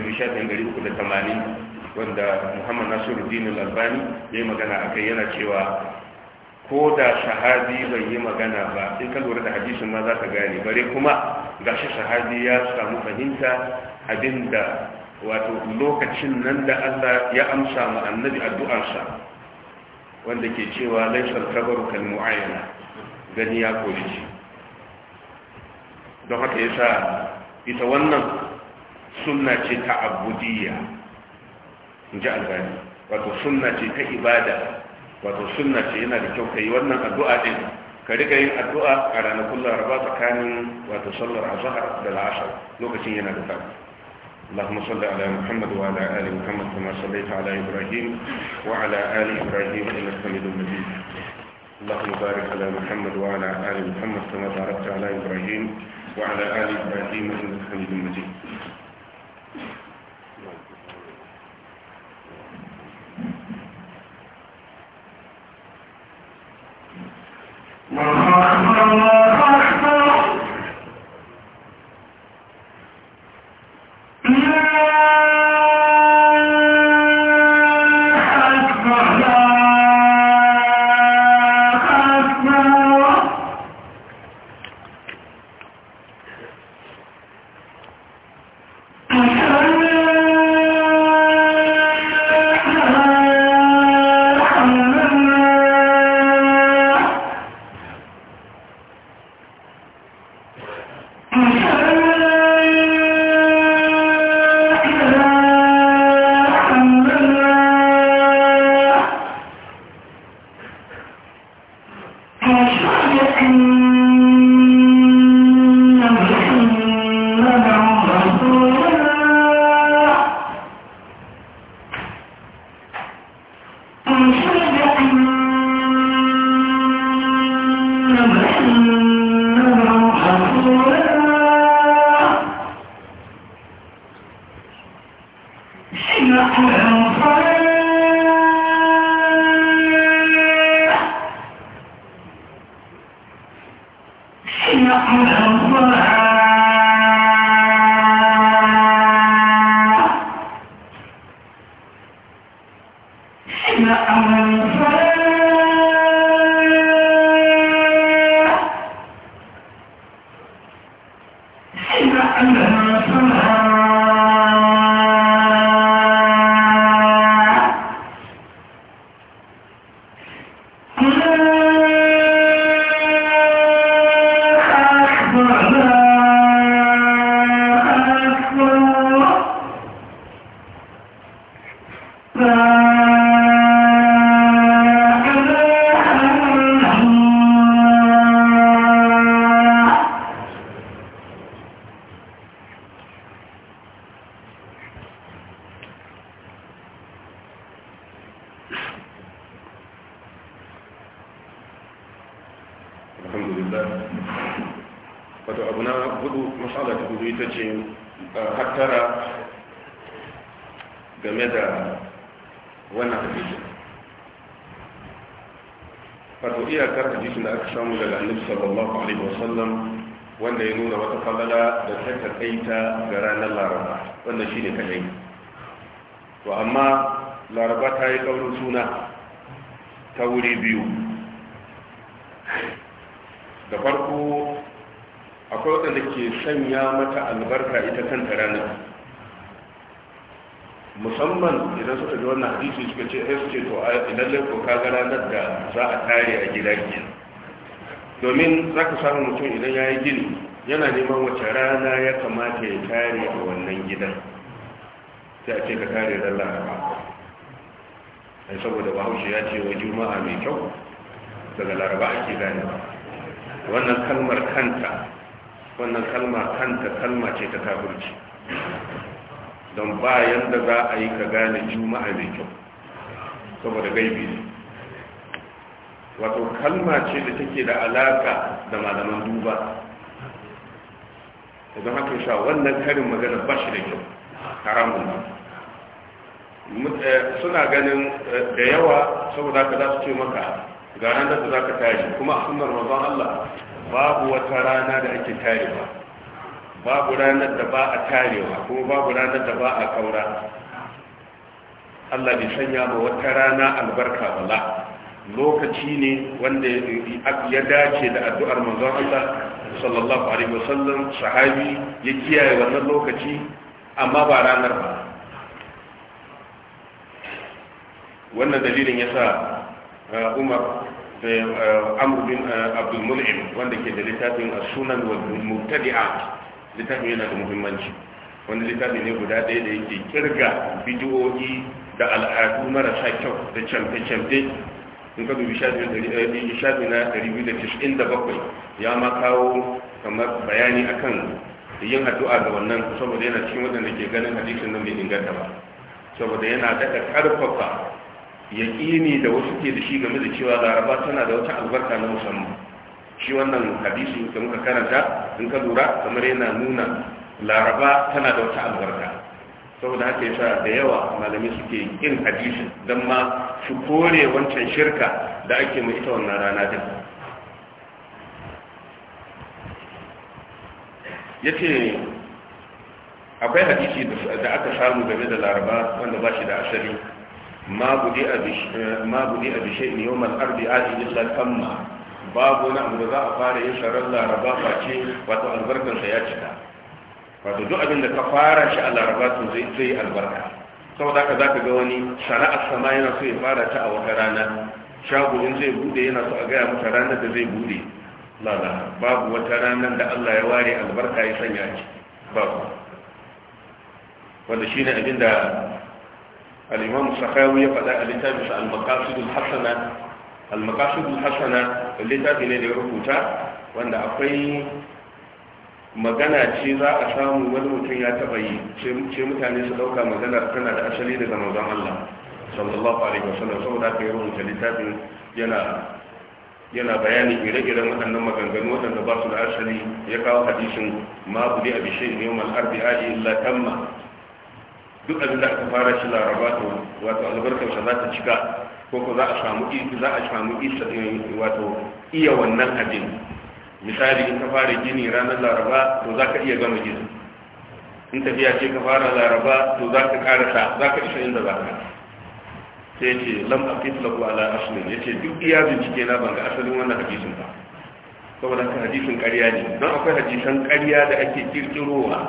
wanda muhammad nasiruddin al-albani yi magana akai yana cewa ko da shahadi bai yi magana ba in ka lura da hadisin ma za ka gane bare kuma gashi shahadi ya samu fahimta abinda wato lokacin nan da Allah ya amsa ma annabi addu'arsa wanda ke cewa laysal kabaru kal mu'ayyana gani ya kore shi don haka yasa ita wannan sunna ce ta abudiyya in ji albani wato sunna ce ta ibada wato sunna ce yana da kyau ka yi wannan addu'a din ka rika yin addu'a a ranakun laraba tsakanin wato sallar azhar da la'asar lokacin yana da tsari اللهم صل على محمد وعلى آل محمد كما صليت على إبراهيم وعلى آل إبراهيم إنك حميد مجيد اللهم بارك على محمد وعلى آل محمد كما باركت على إبراهيم وعلى آل إبراهيم إنك حميد مجيد
محمد
sai a ce ka kare ran laraba ai saboda bahaushe ya ce wa juma'a mai kyau daga laraba ake gane
wannan kalmar
kanta wannan kalma kanta kalma ce ta kafirci don bayan da za a yi ka gane juma'a mai kyau saboda gaibi ne wato kalma ce da take da alaka da malaman duba don haka sha wannan karin magana bashi da kyau haramun eh, suna ganin eh, da yawa saboda ka za su ce maka ga ranar da za ka tashi kuma a sunar mazan Allah babu wata rana da ake tarewa babu ranar da ba a tarewa kuma babu ranar da ba a kaura Allah bai sanya ma wata rana albarka bala lokaci ne wanda ya dace da addu'ar manzon Allah sallallahu alaihi wasallam sahabi ya kiyaye wannan lokaci amma ba ranar ba wannan dalilin ya sa uh, umar da uh, amur bin uh, abdulmul'im wanda ke da littafin a sunan wa littafin yana da muhimmanci wani littafi ne guda ɗaya da yake kirga bidiyoyi da al'adu marasa kyau da camfe-camfe in ka dubi shafi eh, na 297 ya ma kawo kamar bayani akan da yin addu'a da wannan saboda yana cikin waɗanda ke ganin hadisin nan bai inganta ba saboda yana daɗa ya yaƙini da wasu ke da shi game da cewa laraba tana da wata albarka na musamman shi wannan hadisi da muka karanta in ka lura kamar yana nuna laraba tana da wata albarka saboda haka yasa da yawa malami suke yin hadisi don ma su kore wancan shirka da ake mai ita wannan rana din ce akwai hadisi da aka samu game da laraba wanda ba shi da asali ma budi a bishe ne yau mal'arbi a illa kamma babu na, abu da za a fara yin sharar laraba ce wato albarkansa ya cika wato duk abin da ka fara shi a laraba sun zai yi albarka saboda haka za ka ga wani shara'ar sama yana so ya fara ta a wata rana shago zai bude yana so a gaya mata ranar da zai bude lala babu wata ranar da Allah ya ware albarka ya sanya shi babu wanda shi ne abinda al'imam sakawu ya faɗa a littafinsa al-maqasidul hasana al littafi ne da ya rubuta wanda akwai magana ce za a samu wani mutum ya taɓa yi ce mutane su ɗauka magana tana da asali daga mazan Allah sallallahu alaihi wasallam saboda ka yi rubuta littafin yana yana bayani ire-iren waɗannan maganganu waɗanda ba su da asali ya kawo hadishin ma budi abi shay yawm al-arbi'a illa tamma duk abin da aka fara shi laraba to wato albarka sa za ta cika ko ko za a samu za a samu isa wato iya wannan abin misali in ka fara gini ranar laraba to za ka iya gama gini in tafiya ce ka fara laraba to za ka karasa za ka isa inda za ka sai ce lam aqif lahu ala ya ce duk iya bincike na banga ga asalin wannan hadisin ba saboda ka hadisin karya ne don akwai hadisan karya da ake kirkirowa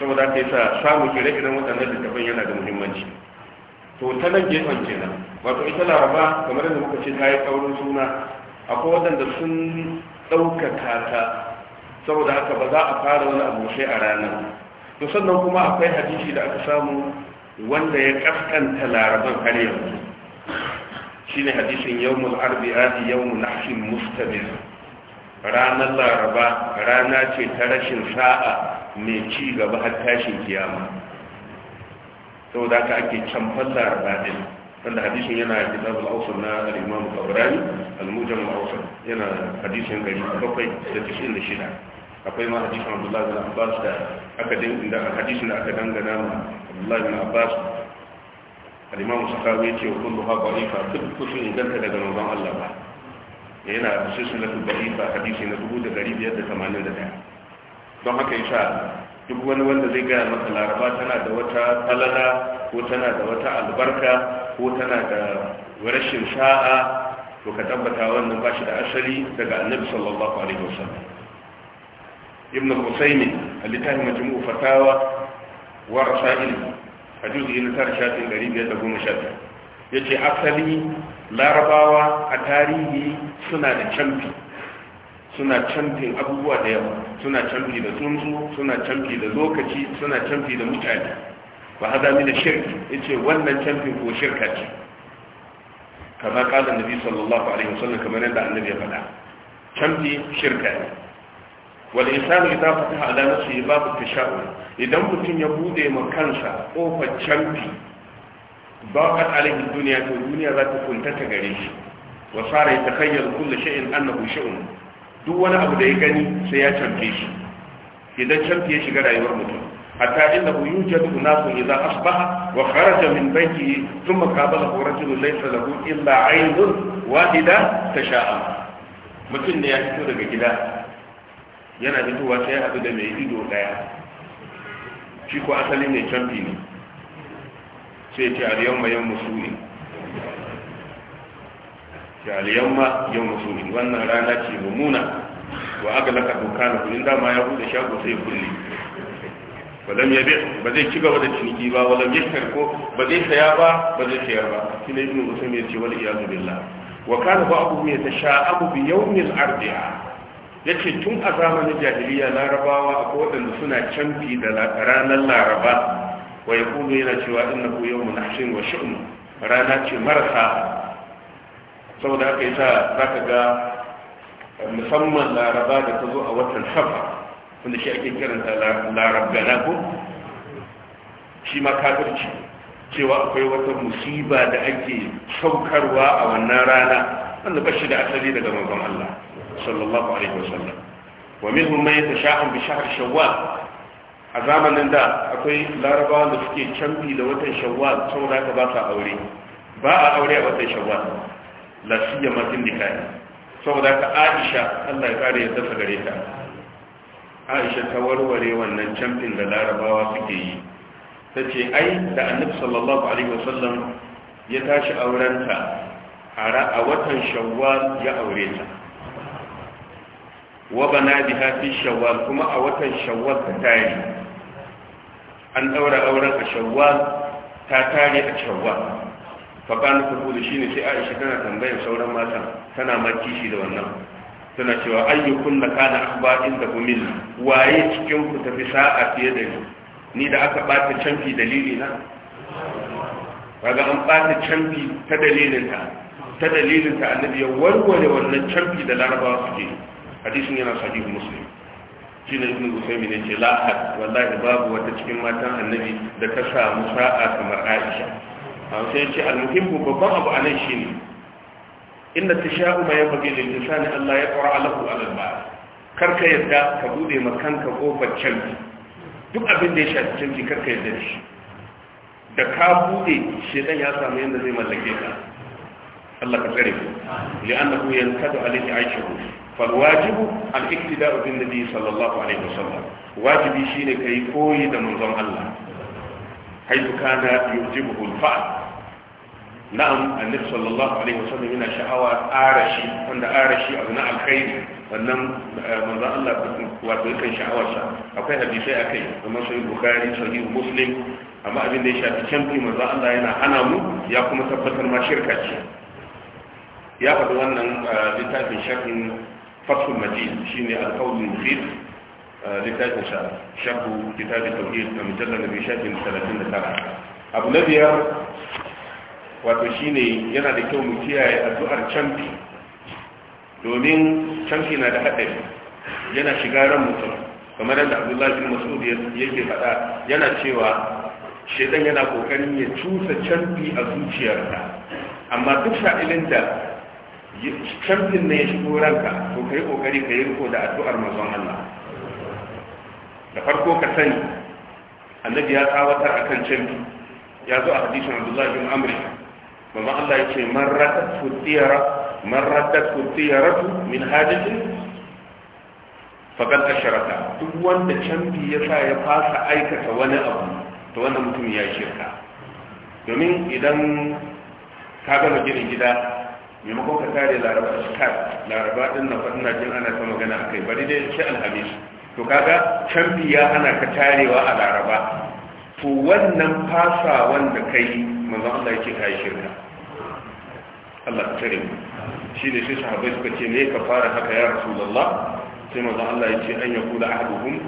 saboda ka sa samun kire irin waɗannan littafin yana da muhimmanci to ta nan gefen kenan wato ita laraba kamar yadda muka ce ta yi tsaurin suna akwai waɗanda sun ɗaukaka ta saboda haka ba za a fara wani abu sai a ranar to sannan kuma akwai hadisi da aka samu wanda ya kaskanta laraban har yanzu ne hadisin yawmul Arbi'adi, yawmul nahshin mustabir ranar laraba rana ce ta rashin sa'a mai ci gaba har tashin kiyama da aka ake canfan laraba din wanda hadisin yana kitab al ausar na al-imam al-awrani al-mujam al-awsat yana hadisin 796 akwai ma hadisin abdullahi bin abbas da aka da hadisin da aka dangana ma abdullahi bin abbas al-imam sakawi ya ce wa kullu ha qa'ifa duk kusur, inganta daga manzon Allah ba yana da silsilatu ba hadisi na dubu da da da biyar 1581 don haka insha duk wani wanda zai ga maka laraba tana da wata talala ko tana da wata albarka ko tana da rashin sha'a to ka tabbata wannan ba shi da asali daga annabi sallallahu alaihi wasallam ibn al a littafin majmu'u fatawa wa rasail a juzi na tara shafin ɗari biyar da goma sha ya ce asali larabawa a tarihi suna da camfi suna camfin abubuwa da yawa suna camfi da tsuntsu suna camfi da lokaci suna camfi da mutane ba haza mina shirki ya ce wannan camfin ko shirka ce kama nabi sallallahu alaihi yadda annabi ya faɗa camfi shirka ne wal insanu idza fataha ala nafsihi babu tashawur idan mutum ya bude ma kansa kofar canfi baqat alaihi dunya to duniya za ta ta gare shi wa sara yatakhayyal kullu shay'in annahu shay'un duk wani abu da ya gani sai ya canfe shi idan canfi ya shiga rayuwar mutum hatta innahu yujadu nasu idza asbaha wa kharaja min baytihi thumma qabala rajulun laysa lahu illa aynun wahida tasha'a mutum ne ya fito daga gida yana fitowa sai abu haɗu da mai ido ɗaya shi ko asali mai canfi ne sai ce aliyan ma yan musu'in ce aliyan ma yan musu'in wannan rana ce mummuna wa aka laka doka na kudin dama ya buɗe shago sai kulle Ba ya yabe ba zai ci gaba da ciniki ba walam ya ko ba zai saya ba ba zai sayar ba shi ne ibnu usaymin ya ce wal iyadu billah wa kana sha abu bi yawmil ardiya. ya ce tun a zamanin jahiliya larabawa a waɗanda suna canfi da ranar laraba wa ya kudu yana cewa ina ku yau munashin wa shi'un rana ce marasa
saboda aka yi sa za ka ga musamman laraba da ta zo a watan safa wanda shi ake kiranta larabgana
shi ma kafirci cewa akwai wata musiba da ake saukarwa a wannan rana wanda ba shi da asali daga manzon Allah sallallahu alaihi wasallam wa minhum man yatasha'am bi shahr shawwal a zamanin da akwai larabawa da suke canfi da watan shawwal da haka ba sa aure ba a aure a watan shawwal la siyama din Sau da haka Aisha Allah ya kare yadda ta gare ta Aisha ta warware wannan canfin da larabawa suke yi Ta ce ai da Annabi sallallahu alaihi wasallam ya tashi aurenta a watan shawwal ya aure ta wa bana biha fi shawwal kuma a watan shawwal ta tare an daura auren a shawwal ta tare a shawwal fa kan shi shine sai Aisha tana tambayar sauran mata tana shi da wannan tana cewa ayyukun da kana akba inda kumil waye cikin ku tafi sa'a fiye da ni ni da aka bata canfi dalili na kaga an bata canfi ta dalilin ta ta dalilin ta annabi ya warware wannan canfi da larabawa suke yi hadisin yana sahihu muslim shi ne ibn ne ce lahad wallahi babu wata cikin matan annabi da ta samu sa'a kamar aisha a sai ce almuhimmu babban abu a nan shine inda tasha'u ma yabghi lil insani Allah ya qara lahu ala al karka yadda ka bude makanka kofar canji duk abin da ya shafi canji karka yadda da shi da ka bude shedan ya samu yanda zai mallake ka Allah ka tsare ku li'annahu yankadu alayhi aisha فالواجب الاقتداء بالنبي صلى الله عليه وسلم واجب شيء كي كوي دمنظم الله حيث كان يعجبه الفعل نعم النبي صلى الله عليه وسلم من شعوى آرشي عند آرشي أبناء الخير wannan manzo Allah wato yakan sha'awar sa akwai hadisai akai kamar sahih bukhari sahih muslim amma abin da ya shafi canfi manzo Allah yana hana mu ya kuma tabbatar ma shirka ce ya faɗi wannan littafin shafin fathul majid shine al-qawlul muhit uh, littafin sa shaku kitabin tauhid a mujallar da bishafin 39 abu na biyar wato shine yana da kyau mu kiyaye addu'ar canfi domin canfi na da haɗari yana shiga ran mutum kamar yadda abdullahi bin yake faɗa yana cewa shaidan yana kokarin ya cusa canfi a zuciyarka amma duk sha'ilin da shamsin ne ya shigo ranka to ka yi ƙoƙari ka yi riko da addu'ar mazan Allah da farko ka sani annabi ya a akan canfi ya zo a hadisin abdullahi bin amri mazan Allah ya ce man radat futiyara man min hajjin faƙar asharata duk wanda canfi ya sa ya fasa aikata wani abu to wannan mutum ya shirka domin idan ka gama gidan gida maimakon ka tare laraba shikar laraba din na faɗin jin ana ta magana a kai bari dai shi alhamis to kaga can ya ana ka tarewa a laraba to wannan fasa wanda kai manzon Allah yake kai shirka Allah ta tare mu shi ne shi sahabbai suka ce ne ka fara haka ya rasulullah sai manzon Allah ya ce an yakula ahaduhum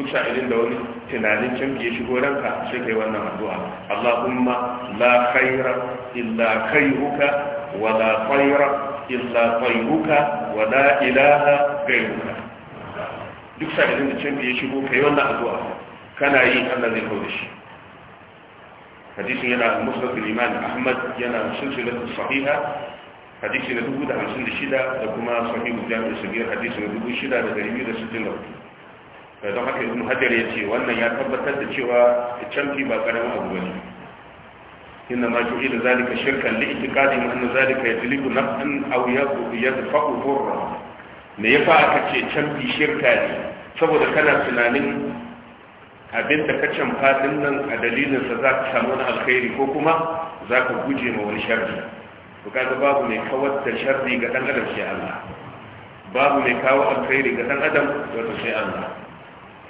duk sa'ilin da wani tunanin can ya shigo ranka sai kai wannan addu'a Allahumma la khaira illa khairuka wa la khayra illa khayruka wa la ilaha ghayruka duk sa'ilin da can ya shigo kai wannan addu'a kana yi Allah zai kawo shi hadisin yana musnad al-Imam Ahmad yana silsilatu sahiha hadisi na 1056 da kuma sahihu jami'in sabiyar hadisi na 6264 Eh, don haka ibn hajar ya ce wannan ya tabbatar da cewa canfi ba karamin abu bane inna ma da zalika shirkan li itiqadi anna zalika yadliku nafsan aw yadfa'u dhurra me yafa aka ce canfi shirka ne saboda kana tunanin abin da ka canfa din nan a dalilin sa za ka samu wani alkhairi ko kuma za ka guje ma wani sharri to kaga babu mai kawar da sharri ga dan adam sai Allah babu mai kawo alkhairi ga dan adam wato sai Allah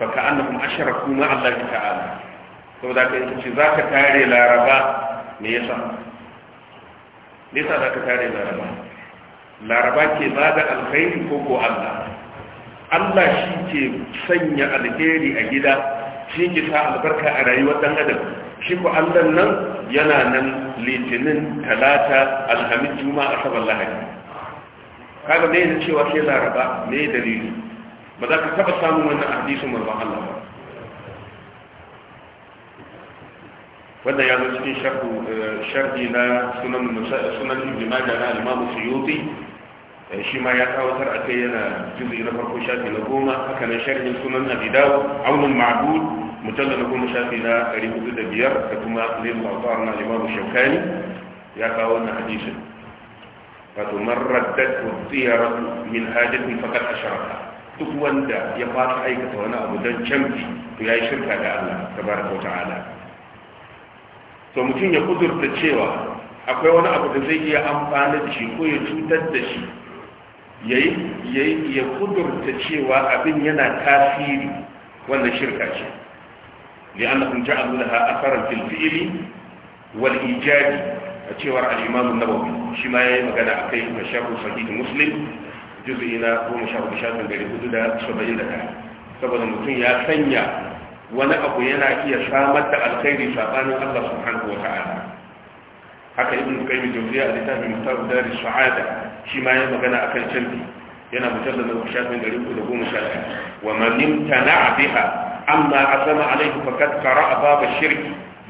fa ka'annahum ashraku ma Allah ta'ala saboda kai ce zaka tare laraba me yasa me yasa zaka tare laraba laraba ke bada alkhairi ko ko Allah Allah shi ke sanya alheri a gida shi ke sa albarka a rayuwar dan adam shi ko Allah nan yana nan litinin talata alhamis juma'a asabar lahadi kaga me ne cewa sai laraba me dalili ba za ka taba samun wannan hadisin manzon Allah ba wanda ya zo cikin sharhi na sunan sunan ibn majah na al-imam suyuti shi ma ya tawatar a kai yana juzi na farko shafi na goma haka nan sharhin sunan abi dawo aunin ma'bud mujalla na goma shafi na 405 da kuma lil mawtar na imam shaukani ya kawo wannan hadisin wato man raddat tiyara min hajatin faqad asharaka duk wanda ya fata aikata wani abu don canji to ya yi shirka da Allah ko ta'ala to mutum ya kudurta cewa akwai wani abu da zai iya amfani da shi ko ya cutar da shi yayi yayi ya kudurta cewa abin yana tasiri wannan shirka ce kun ja'alu laha atharan fil fi'li wal ijadi a cewar al-imam an-nawawi shi ma yayi magana akai ga sharh sahih muslim juzu'i na goma sha hudu shafin gari hudu da saba'in da ɗaya saboda mutum ya sanya wani abu yana iya samar da alkhairi sabanin Allah subhanahu wa ta'ala haka ibn qayyim jawziya a littafin mustaqbal dari sa'ada shi ma ya magana akan canfi yana mutar da na shafin dari hudu da goma sha ɗaya wa man imtana'a biha amma azama alayhi faqad qara'a bab ash-shirk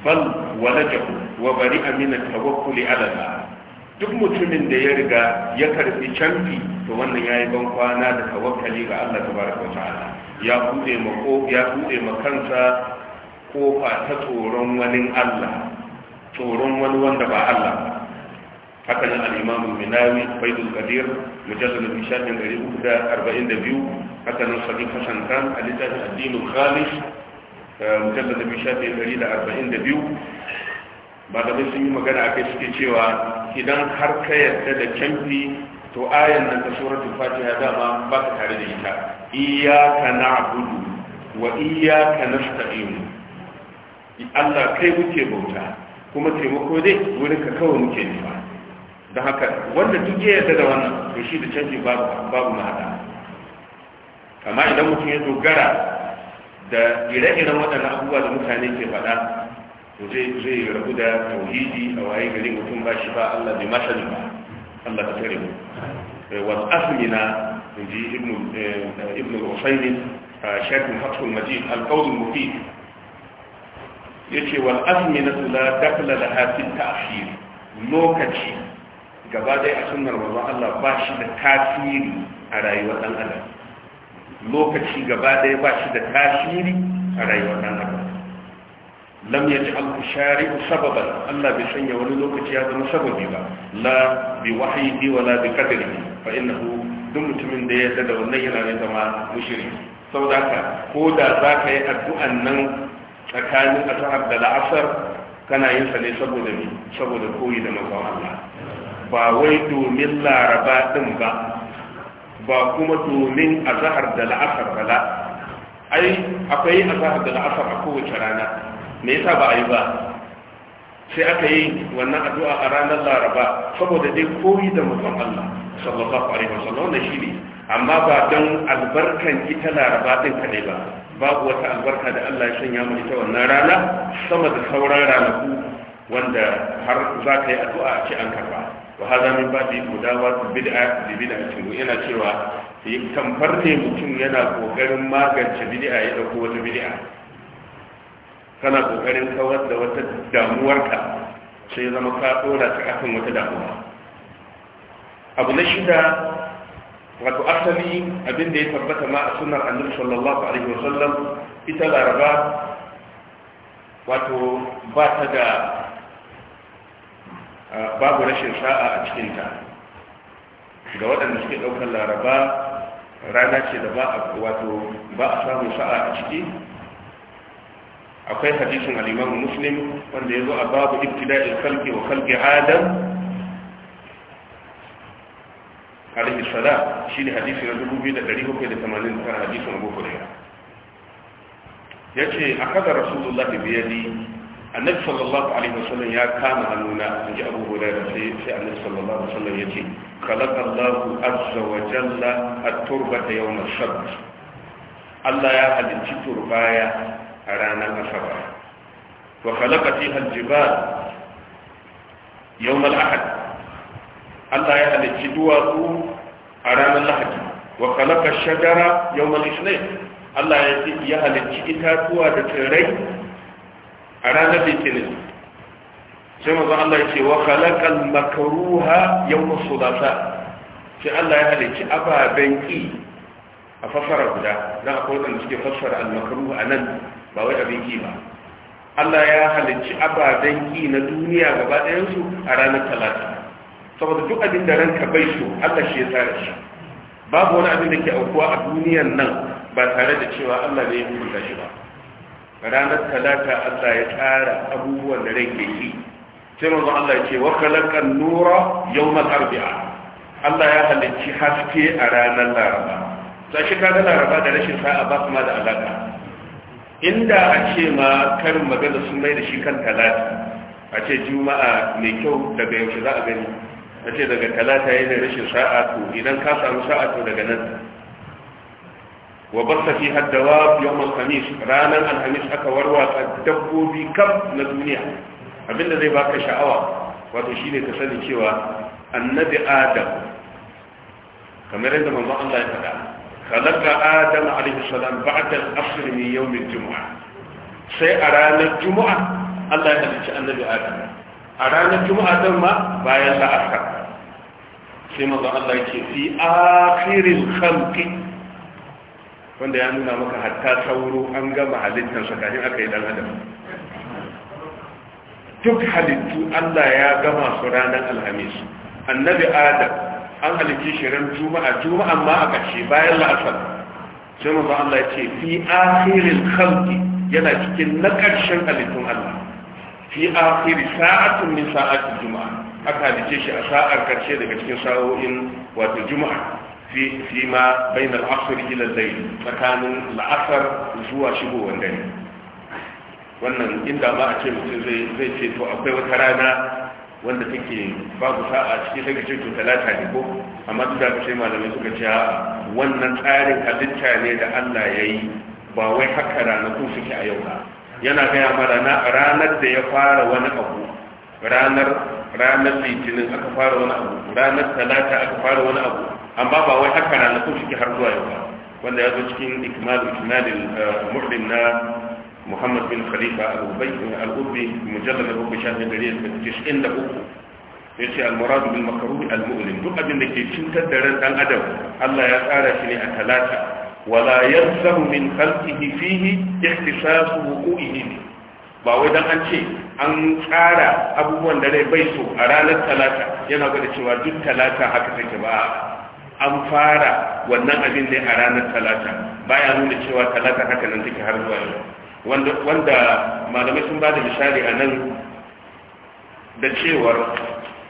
bal walajahu wa bari'a min at-tawakkul 'ala Allah duk mutumin da ya riga ya karbi canfi to wannan yayi ban kwana da tawakkali ga Allah tabaraka wa ta'ala ya bude ma ko ya bude ma kansa kofa ta tsoron wani Allah tsoron wani wanda ba Allah haka ne al-Imam Minawi Faidul Qadir mujallad al da 342 haka nan Sadiq Hasan Khan al-Litaf al din al-Khalis eh, mujallad al da 142
ba da sun yi magana akai suke cewa idan har ka yarda da canfi to ayan nan ta suratul fatiha dama ba ka tare da ita
iyyaka na'budu wa iyyaka nasta'in Allah kai muke bauta kuma taimako dai wurin ka kawai muke ba. don haka wanda duk ya yarda da wannan to shi da canji babu babu mahada amma idan mutum ya dogara da ire-iren waɗannan abubuwa da mutane ke faɗa zai rabu da tauhidi a waye gari mutum ba shi ba Allah bai masa ba Allah ka tare mu eh, wa asmina inji ibnu eh, ibnu al-usayn sharh fath al-majid al-qawl al-mufid yace wal asmina la dakla laha fi ta'khir lokaci gaba dai a sunnar manzon Allah ba shi da tasiri a rayuwar dan adam lokaci gaba dai ba shi da tasiri a rayuwar dan adam lam yaj'al shari'u sababan Allah bai sanya wani lokaci ya zama sababi ba la bi wahyihi wala bi qadrihi fa innahu duk mutumin da ya yarda da wannan yana ne zama mushriki saboda haka ko da za ka yi addu'an nan tsakanin azhar da la'asar kana yin sa ne saboda me saboda koyi da manzon Allah ba wai domin laraba din ba ba kuma domin azhar da la'asar ba la ai akwai azhar da la'asar a kowace rana me yasa ba a yi ba sai aka yi wannan addu'a a ranar laraba saboda dai koyi da mutum Allah sallallahu alaihi wasallam wannan shine amma ba dan albarkan ita laraba din kade ba babu wata albarka da Allah ya sanya mu ita wannan rana sama da sauran ranaku wanda har za ka yi addu'a a ce an karba wa hada min ba'di mudawa bid'a bi bid'atin yana cewa tamfar ne mutum yana kokarin magance bid'a ya dauko wata bid'a kana kokarin kawar da wata damuwarka sai zama ka dora ta akan wata damuwa abu na shida wato asali abin da ya tabbata ma a sunan annal sallallahu alaihi wasallam ita laraba wato ba ta da babu rashin sa'a a cikinta ga waɗanda suke ɗaukar laraba rana ce da ba a wato ba a samu sa'a a ciki akwai hadisin al-Imam Muslim wanda yazo a babu ibtida'il khalqi wa khalqi Adam alaihi salam shine hadisi na 2789 hadisin Abu Hurairah yace akada rasulullahi bi yadi annabi sallallahu alaihi wasallam ya kama hannuna inji Abu Hurairah sai sai annabi sallallahu alaihi wasallam yace khalaqallahu azza wa jalla at-turbata yawm as-sabt Allah ya halicci turbaya a ranar asabar wa khalaqa fiha al-jibal yawm al-ahad Allah ya halicci duwatsu a ranar lahadi wa khalaqa shajara yawm al-ithnain Allah ya halicci itatuwa da tsirrai a ranar litinin sai mazan Allah ya ce wa khalaqa al-makruha yawm al-thulatha sai Allah ya halicci ababen ki a fassara guda don akwai wadanda suke fassara al-makruha anan ba wai abin ki ba Allah ya halicci ababen ki na duniya gaba ɗayansu a ranar talata saboda duk abin da ranka bai su Allah shi ya tsara shi babu wani abin da ke aukuwa a duniyan nan ba tare da cewa Allah ne ya hukunta shi ba ranar talata Allah ya tsara abubuwan da ranke yi sai manzo Allah ya ce wa khalaqan nura yawmal arbi'a Allah ya halicci haske a ranar laraba sai shi kaga laraba da rashin sa'a ba kuma da alaka inda a ce ma karin magana sun mai da shi kan talata a ce juma'a mai kyau daga yaushe za a gani a ce daga talata yana rashin sa'a to idan ka samu sa'a to daga nan wa barsa fi haddawa yawm al Alhamis, ranar alhamis aka warwa a dabbobi kam na duniya abinda zai baka sha'awa wato shi ne ka sani cewa annabi adam kamar yadda mamman Allah ya faɗa تلقى آدم عليه السلام بعد الأصل من يوم الجمعة سيأران الجمعة الله أن النبي آدم أران الجمعة ما باين لا أثر سيما الله يكي في
آخر
الخلق wanda يعني نامك حتى تورو sauro محلين تنسكاهم halittarsa kafin aka yi dan adam duk halittu Allah ya gama su an halitta shi ran juma'a juma'a ma a ƙarshe bayan la'asar sai manzo Allah ya ce fi akhiril khalqi yana cikin na ƙarshen halittun Allah fi akhir sa'atin min sa'atil juma'a aka halitta shi a sa'ar ƙarshe daga cikin sa'o'in wato juma'a fi fi ma bainal asr ila al-layl tsakanin la'asar zuwa shigowar dare wannan inda ma a ce mutum zai ce to akwai wata rana wanda take babu sa'a cikin sai ce to talata ne ko amma duk da kashe malamai suka ce wannan tsarin halitta ne da Allah ya yi ba wai haka ranakun suke a yau ba yana gaya na ranar da ya fara wani abu ranar ranar litinin aka fara wani abu ranar talata aka fara wani abu amma ba wai haka ranakun suke har zuwa yau ba wanda ya zo cikin ikmalu ikmalul eh, muhrim na muhammad bin khalifa al-ubbi mujallar da uku shafi gari da tishin da uku ya ce al-muradu bil makaruhi al-mu'lim duk abin ke cutar da ran dan adam Allah ya tsara shi ne a talata wala yansahu min khalqihi fihi ihtisasu wuqu'ihi ba wajen an ce an tsara abubuwan da rai bai so a ranar talata yana ba da cewa duk talata haka take ba an fara wannan abin ne a ranar talata baya nuna cewa talata haka nan take har zuwa yau wanda malamai sun ba da misali a nan da cewar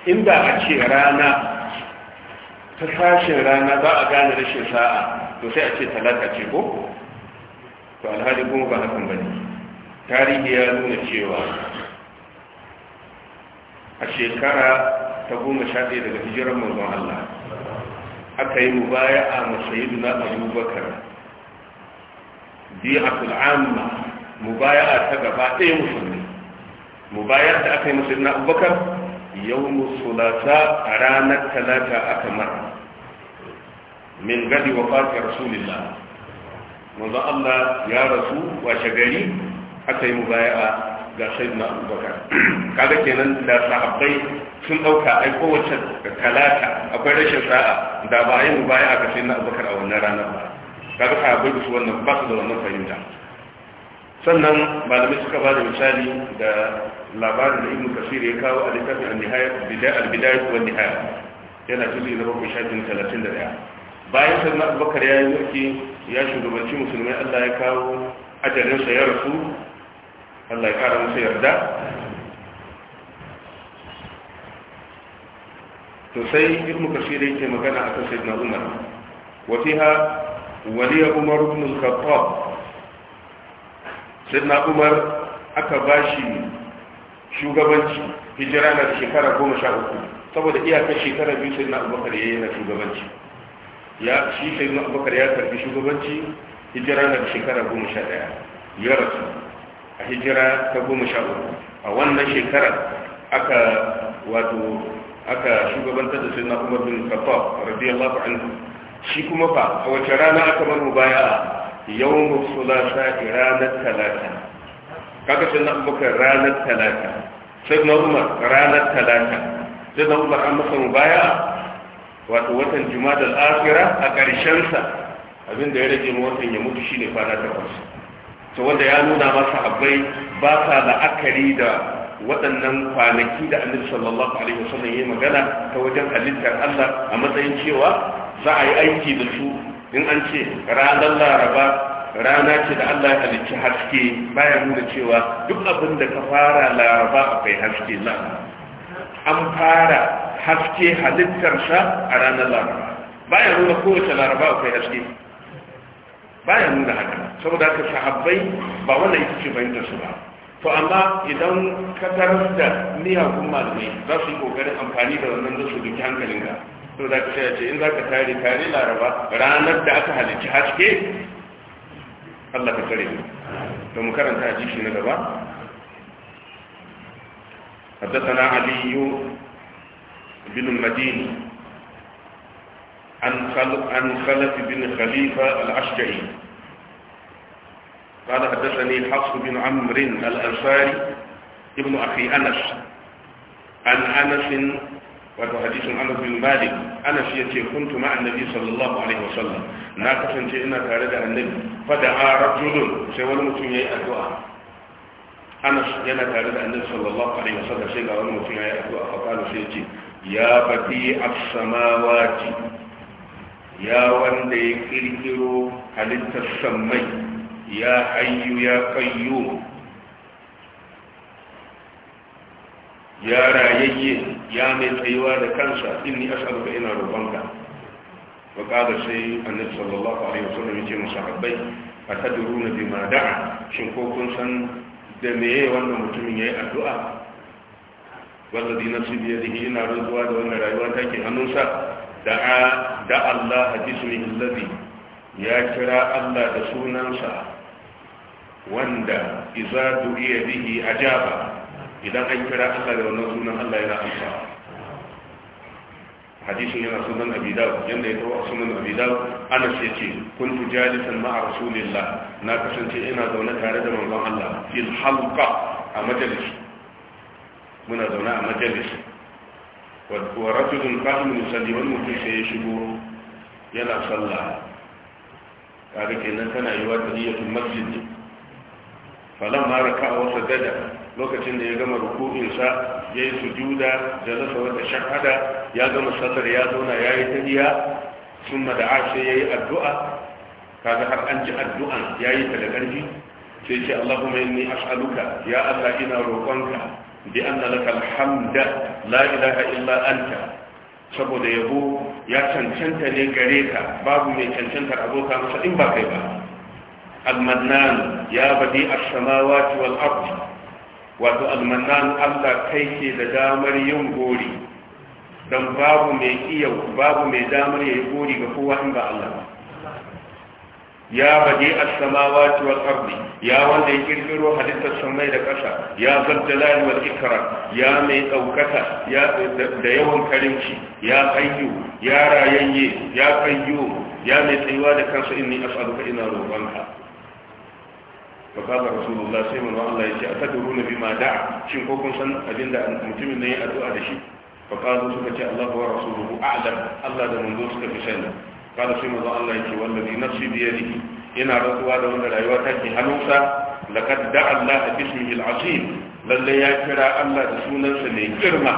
inda a ce rana ta sashen rana za a gane rashin sa'a to sai a ce talata ce ko? to alhali kuma ba hakan ba ne tarihi ya nuna cewa a shekara ta goma sha ɗaya daga hijirar manzon Allah aka yi mubaya a masayidu na abubakar a akul'amma mubaya'a ta gaba ɗaya musulmi mubayar da aka yi musulmi na abubakar yau musulata a ranar talata aka mara min gadi wa fati rasulillah manzon Allah ya rasu washe gari aka yi mubaya'a ga sayyidina abubakar kaga kenan da sahabbai sun dauka ai kowace talata akwai rashin sa'a da ba a yi mubaya'a ga sayyidina abubakar a wannan ranar ba kaga sahabbai su wannan ba su da wannan fahimta sannan malamai suka ba da misali da labarin da ibn kasir ya kawo a littafin al-bidayat wa nihaya yana tuzi na bakwai shafin talatin da daya bayan sannan abubakar ya yi mulki ya shugabanci musulmai allah ya kawo sa ya rasu allah ya kara masa yarda to sai ibn kasir yake magana akan sayyidina umar wa fiha waliya umar ibn al-khattab sayyidina umar aka ba shi shugabanci hijira na shekara goma sha uku saboda iyakar shekara biyu sayyidina abubakar ya yi na shugabanci ya shi sayyidina abubakar ya karfi shugabanci hijira na shekara goma sha ɗaya ya rasu a hijira ta goma sha uku a wannan shekara aka wato aka shugabanta da sayyidina umar bin khattab radiyallahu anhu shi kuma fa a wace rana aka bar mu baya yawon sulasa ranar talata Kaka sai na abubakar ranar talata sai na umar ranar talata sai na umar an masa baya wato watan juma'a da al'afira a ƙarshensa abinda ya rage watan ya mutu shi shine kwana takwas to wanda ya nuna masa abai ba sa la'akari da waɗannan kwanaki da annabi sallallahu alaihi wasallam yi magana ta wajen halittar Allah a matsayin cewa za a yi aiki da su in an ce ranar laraba rana ce da Allah ya halicci haske baya nuna cewa duk abin da ka fara laraba akwai haske na an fara haske halittarsa a ranar laraba baya nuna kowace laraba akwai haske baya nuna haka saboda haka sahabbai ba wanda ita ce fahimtar su ba to amma idan ka tarar da miyagun malamai za su yi kokarin amfani da wannan da su duki hankalinka so da ka ce in za ka tare tare laraba ranar da aka halicci haske Allah ka tare to mu karanta a jishi na gaba حدثنا علي بن المديني عن خلف عن خلف بن خليفه الاشجعي قال حدثني حفص بن عمرو الانصاري ابن اخي انس عن انس wato hadisin Anas bin Malik Anas ya ce kuntu ma annabi sallallahu alaihi wasallam na kasance ina tare da annabi fa da rajulun sai wani mutum yayi addu'a Anas yana tare da annabi sallallahu alaihi wasallam sai ga wani mutum yayi addu'a fa kana sai ce ya bati as-samawati ya wanda ya kirkiro halittar sammai ya hayyu ya qayyum ya rayayye ya mai tsayuwa da kansa inni as'aluka ina roƙonka wa qala sai annabi sallallahu alaihi wasallam yace musahabbai atadruna bima da'a shin ko kun san da me meye wannan mutumin yayi addu'a wallazi nafsi bi yadihi ina rantsuwa da wannan rayuwa take hannunsa da'a da Allah bismihi allazi ya kira Allah da sunansa wanda iza du'iya bihi ajaba idan an kira Allah da wannan sunan Allah yana amsa hadisin yana sunan abi dawud yanda ya tawo sunan abi dawud anas yace kuntu jalisan ma'a rasulillah na kasance ina zaune tare da manzon Allah fil halqa a majalis muna zaune a majalis wa rajulun qa'imun yusalli wani mutum sai ya shigo yana sallah kaga kenan tana yi wa tariyatul masjid falamma raka'a wa sajada lokacin da ya gama rukuninsa, ya yi sujuda jalasa wata shahada ya gama sallar ya zauna ya yi tahiya sun da ashe ya yi addu'a kaga har an ji addu'an ya yi ta da ƙarfi sai ce Allahumma inni as'aluka ya Allah ina roƙonka bi anna laka alhamda la ilaha illa anta saboda yabo ya cancanta ne gare ka babu mai cancanta aboka masa in ba kai ba al-mannan ya badi as-samawati wal ardi wato almannan Allah kai ke da damar yin gori don babu mai iya babu mai damar yayi gori ga kowa in ba Allah ba ya bade a samawati wal ardi ya wanda ya ƙirƙiro halittar samai da ƙasa ya zaljalal wal ikram ya mai ɗaukata da yawan karimci ya hayyu ya rayayye ya qayyu ya mai tsayuwa da kansa inni ka ina roƙonka fa kala rasulullah sai manzo Allah yace atadruna bima da'a shin ko kun san abinda mutumin ne ya addu'a da shi fa kala suka ce Allah wa rasuluhu a'lam Allah da manzo suka fi sani kala sai manzo Allah yace wallazi nafsi bi yadihi ina rantsuwa da wanda rayuwa take hannunsa laqad da'a Allah bismihi al-azim lalle ya kira Allah da sunansa mai girma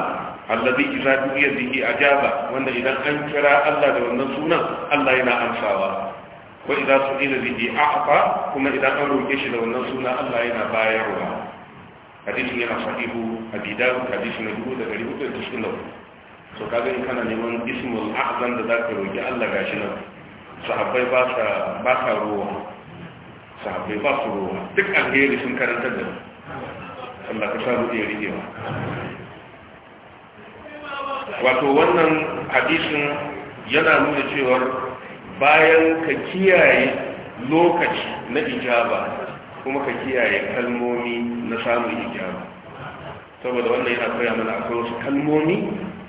alladhi idza du'iya bihi ajaba wanda idan an kira Allah da wannan sunan Allah yana amsawa wa idza su'ila bihi a'fa kuma idan an roke shi da wannan suna Allah yana bayarwa hadisin yana sahihu abi dawud hadisi na 1494 so kaga in kana neman ismul a'zam da zaka roki Allah gashi nan sahabbai ba sa ba sa ruwa sahabbai ba su ruwa duk alheri sun karanta da Allah ka sa ruɗe rigewa wato wannan hadisin yana nuna cewar bayan ka kiyaye lokaci na ijaba kuma ka kiyaye kalmomi na samun ijaba saboda wannan yana koya mana akwai wasu kalmomi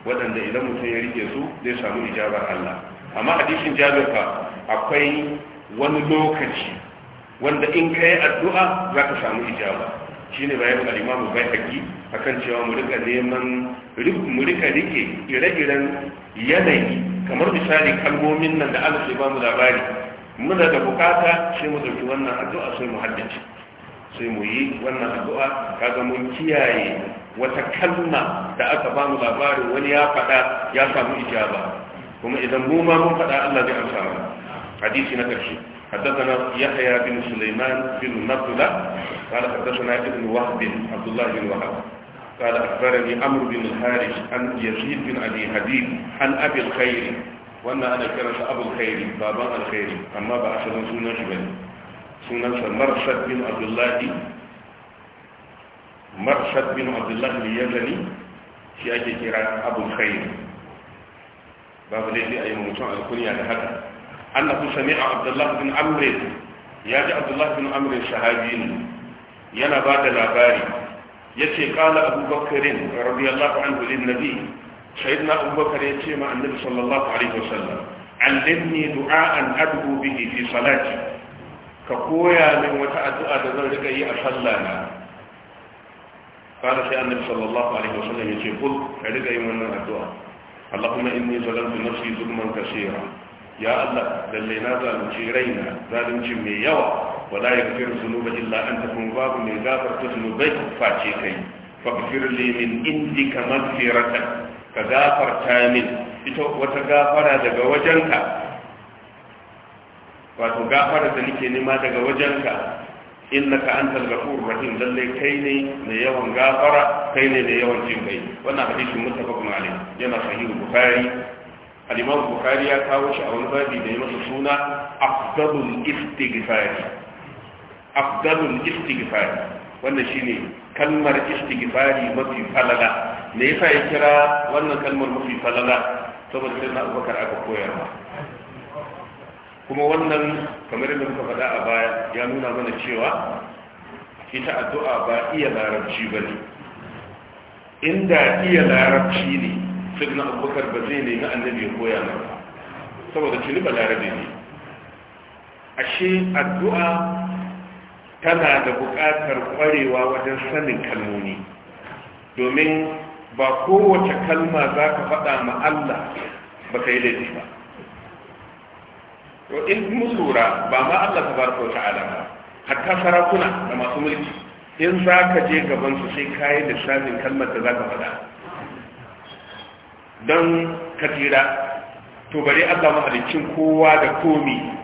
waɗanda idan mutum ya rike su zai samu ijabar Allah amma hadisin jabir fa akwai wani lokaci wanda in ka yi addu'a za ka samu ijaba shi ne bayan mu bai haƙi a cewa mu rika neman mu rika rike ire-iren yanayi kamar misali kalmomin nan da Allah ya ba labari muna da bukata sai mu dauki wannan addu'a sai mu haddace sai mu yi wannan addu'a kaga mun kiyaye wata kalma da aka bamu labarin wani ya faɗa ya samu ijaba kuma idan mu ma mun faɗa Allah zai amsa mana hadisi na ƙarshe حدثنا يحيى بن سليمان بن نضلة قال حدثنا ابن وهب عبد الله بن وهب قال أخبرني أمر بن الحارث عن يزيد بن أبي حبيب عن أبي الخير وأن أنا كرس أبو الخير بابا الخير أما بأسنا سنة جبل سنة مرشد بن عبد الله مرشد بن عبد الله اليزني في أجل كرا أبو الخير بابا ليس أي موسى الكنية لهذا أنه سمع عبد الله بن عمرو يا عبد الله بن عمرو الشهابين ينا بعد الأباري yace qala Abu Bakr radiyallahu anhu lin nabi sayyidina abubakar yace ma annabi sallallahu alaihi wasallam allimni du'a'an ad'u bihi fi salati ka koya min wata addu'a da zan rika yi a sallana qala sai annabi sallallahu alaihi wasallam yace kul ka rika yin wannan addu'a اللهم إني ظلمت نفسي ظلما كثيرا يا الله للي نازل من شيرينا ظالم mai yawa. wala yaghfiru dhunuba illa anta kun babu mai gafarta dhunubai face kai faghfir li min indika maghfiratan ka gafarta min ita wata gafara daga wajenka wato gafara da nake nema daga wajenka innaka antal ghafurur rahim lalle kai ne mai yawan gafara kai ne mai yawan jin kai wannan hadisin muttafaqun alayh yana sahihu bukhari al-imam bukhari ya kawo shi a wani babi da ya masa suna afdalul istighfar afdalul istighfar wannan shine kalmar istighfari mafi falala me yasa ya kira wannan kalmar mafi falala saboda sai na Abubakar aka koyar ma kuma wannan kamar yadda muka faɗa a baya ya nuna mana cewa ita addu'a ba iya larabci ne inda iya larabci ne sai na Abubakar ba zai nemi annabi ya koya mana saboda tuni ba larabci ne ashe addu'a tana da buƙatar ƙwarewa wajen sanin kalmomi domin ba kowace kalma za ka faɗa ma Allah ba ka yi laifi ba to in musura ba ma Allah ta barka wata alama hatta sarakuna da masu mulki in za ka je gaban su sai kayi lissafin kalmar da za ka faɗa don ka tira to bari Allah mahalicin kowa da komi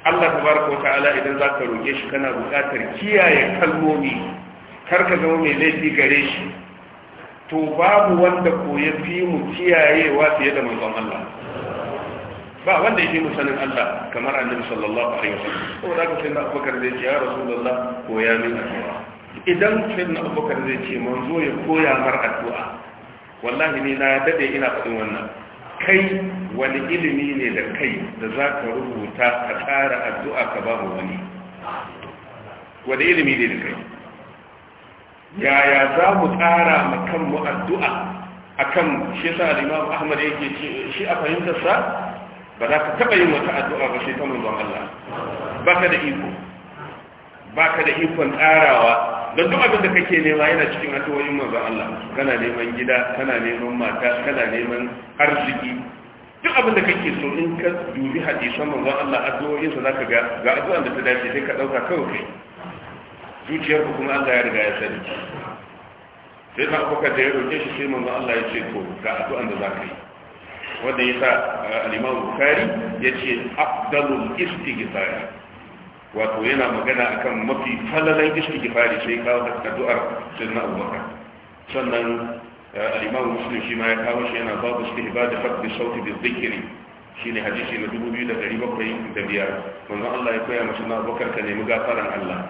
Allah tabaraka ta'ala idan za ka roƙe shi kana buƙatar kiyaye kalmomi kar ka zama mai laifi gare shi to babu wanda ko ya fi mu kiyayewa fiye da manzon Allah ba wanda yake mu sanin Allah kamar annabi sallallahu alaihi wasallam saboda ka sai na Abubakar zai ce ya Rasulullah koya min addu'a idan sai na Abubakar zai ce manzo ya koya mar addu'a wallahi ni na dade ina faɗin wannan kai wani ilimi ne da kai da za ka rubuta a tsara addu'a ka ba wani wani ilimi ne da kai yaya za mu tsara makanmu addu'a a kan shi sa al'imam ahmad yake ce shi a fahimtarsa ba za ka taɓa yin wata addu'a ba shi ta manzon Allah ba ka da iko ba ka da ikon tsarawa don duk abin da kake nema yana cikin addu'o'in manzon Allah kana neman gida kana neman mata kana neman arziki duk abin da kake so in ka dubi hadisan manzon Allah addu'o'in sa zaka ga ga addu'an da ta dace sai ka dauka kawai kai zuciyar ku kuma Allah ya riga ya sani sai na abuka da ya roke shi sai manzon Allah ya ce to ga addu'an da zaka yi wanda yasa eh, al-Imam Bukhari yace afdalul istighfar wato yana magana akan mafi falalan ishki fari sai kawo addu'ar sayyidina abubakar sannan eh, al musulunci muslim shi ma ya kawo shi yana babu istihbab fadl sauti bi Shi ne hadisi na biyar. manzo Allah ya koya masa na ka nemi gafaran Allah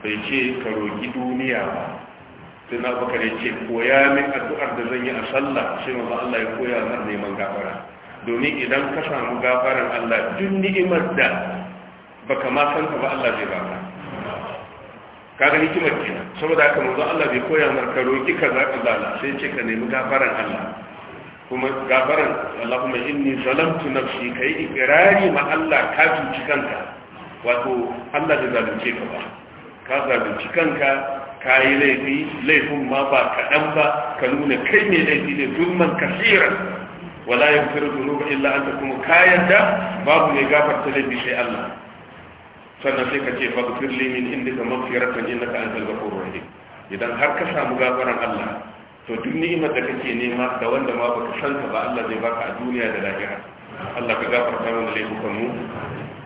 bai ce ka roki duniya ba sai na ya ce koya min addu'ar da zan yi a sallah sai manzo Allah ya koya mar neman gafara domin idan ka samu gafaran Allah duk ni'imar da baka ma san ka ba Allah zai baka kaga hikimar kina saboda haka manzo Allah bai koya mar ka roki kaza kaza sai ce ka nemi gafaran Allah kuma gafaran Allahumma inni zalamtu nafsi kai ikrari ma Allah ka cuci kanka wato Allah da zalunce ka ba ka zalunci kanka ka yi laifi laifin ma ba kaɗan ba ka nuna kai mai laifi ne zulman kasiran wala yaghfiru dhunuba illa anta kuma kayan da babu mai gafarta laifi sai Allah sannan sai ka ce faghfir li min indika maghfiratan innaka antal ghafurur rahim idan har ka samu gafaran Allah to duk ni'imar da kake nema da wanda ma baka san ba Allah zai baka a duniya da lahira Allah ka gafarta mana laifukan mu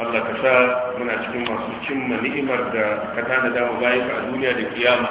Allah ka sha muna cikin masu cimma ni'imar da ka tana da mu bayan a duniya da kiyama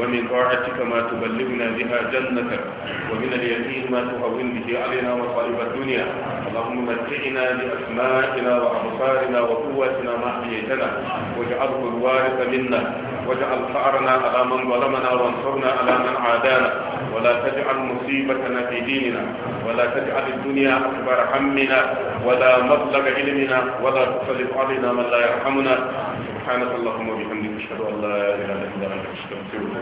ومن طاعتك ما تبلغنا بها جنتك ومن اليقين ما تهون به علينا مصائب الدنيا اللهم متعنا بأسمائنا وأبصارنا وقوتنا ما أحييتنا واجعله الوارث منا واجعل ثأرنا على من ظلمنا وانصرنا على من عادانا ولا تجعل مصيبتنا في ديننا ولا تجعل الدنيا أكبر همنا ولا مبلغ علمنا ولا تسلط علينا من لا يرحمنا سبحانك اللهم وبحمدك اشهد ان لا اله الا انت استغفرك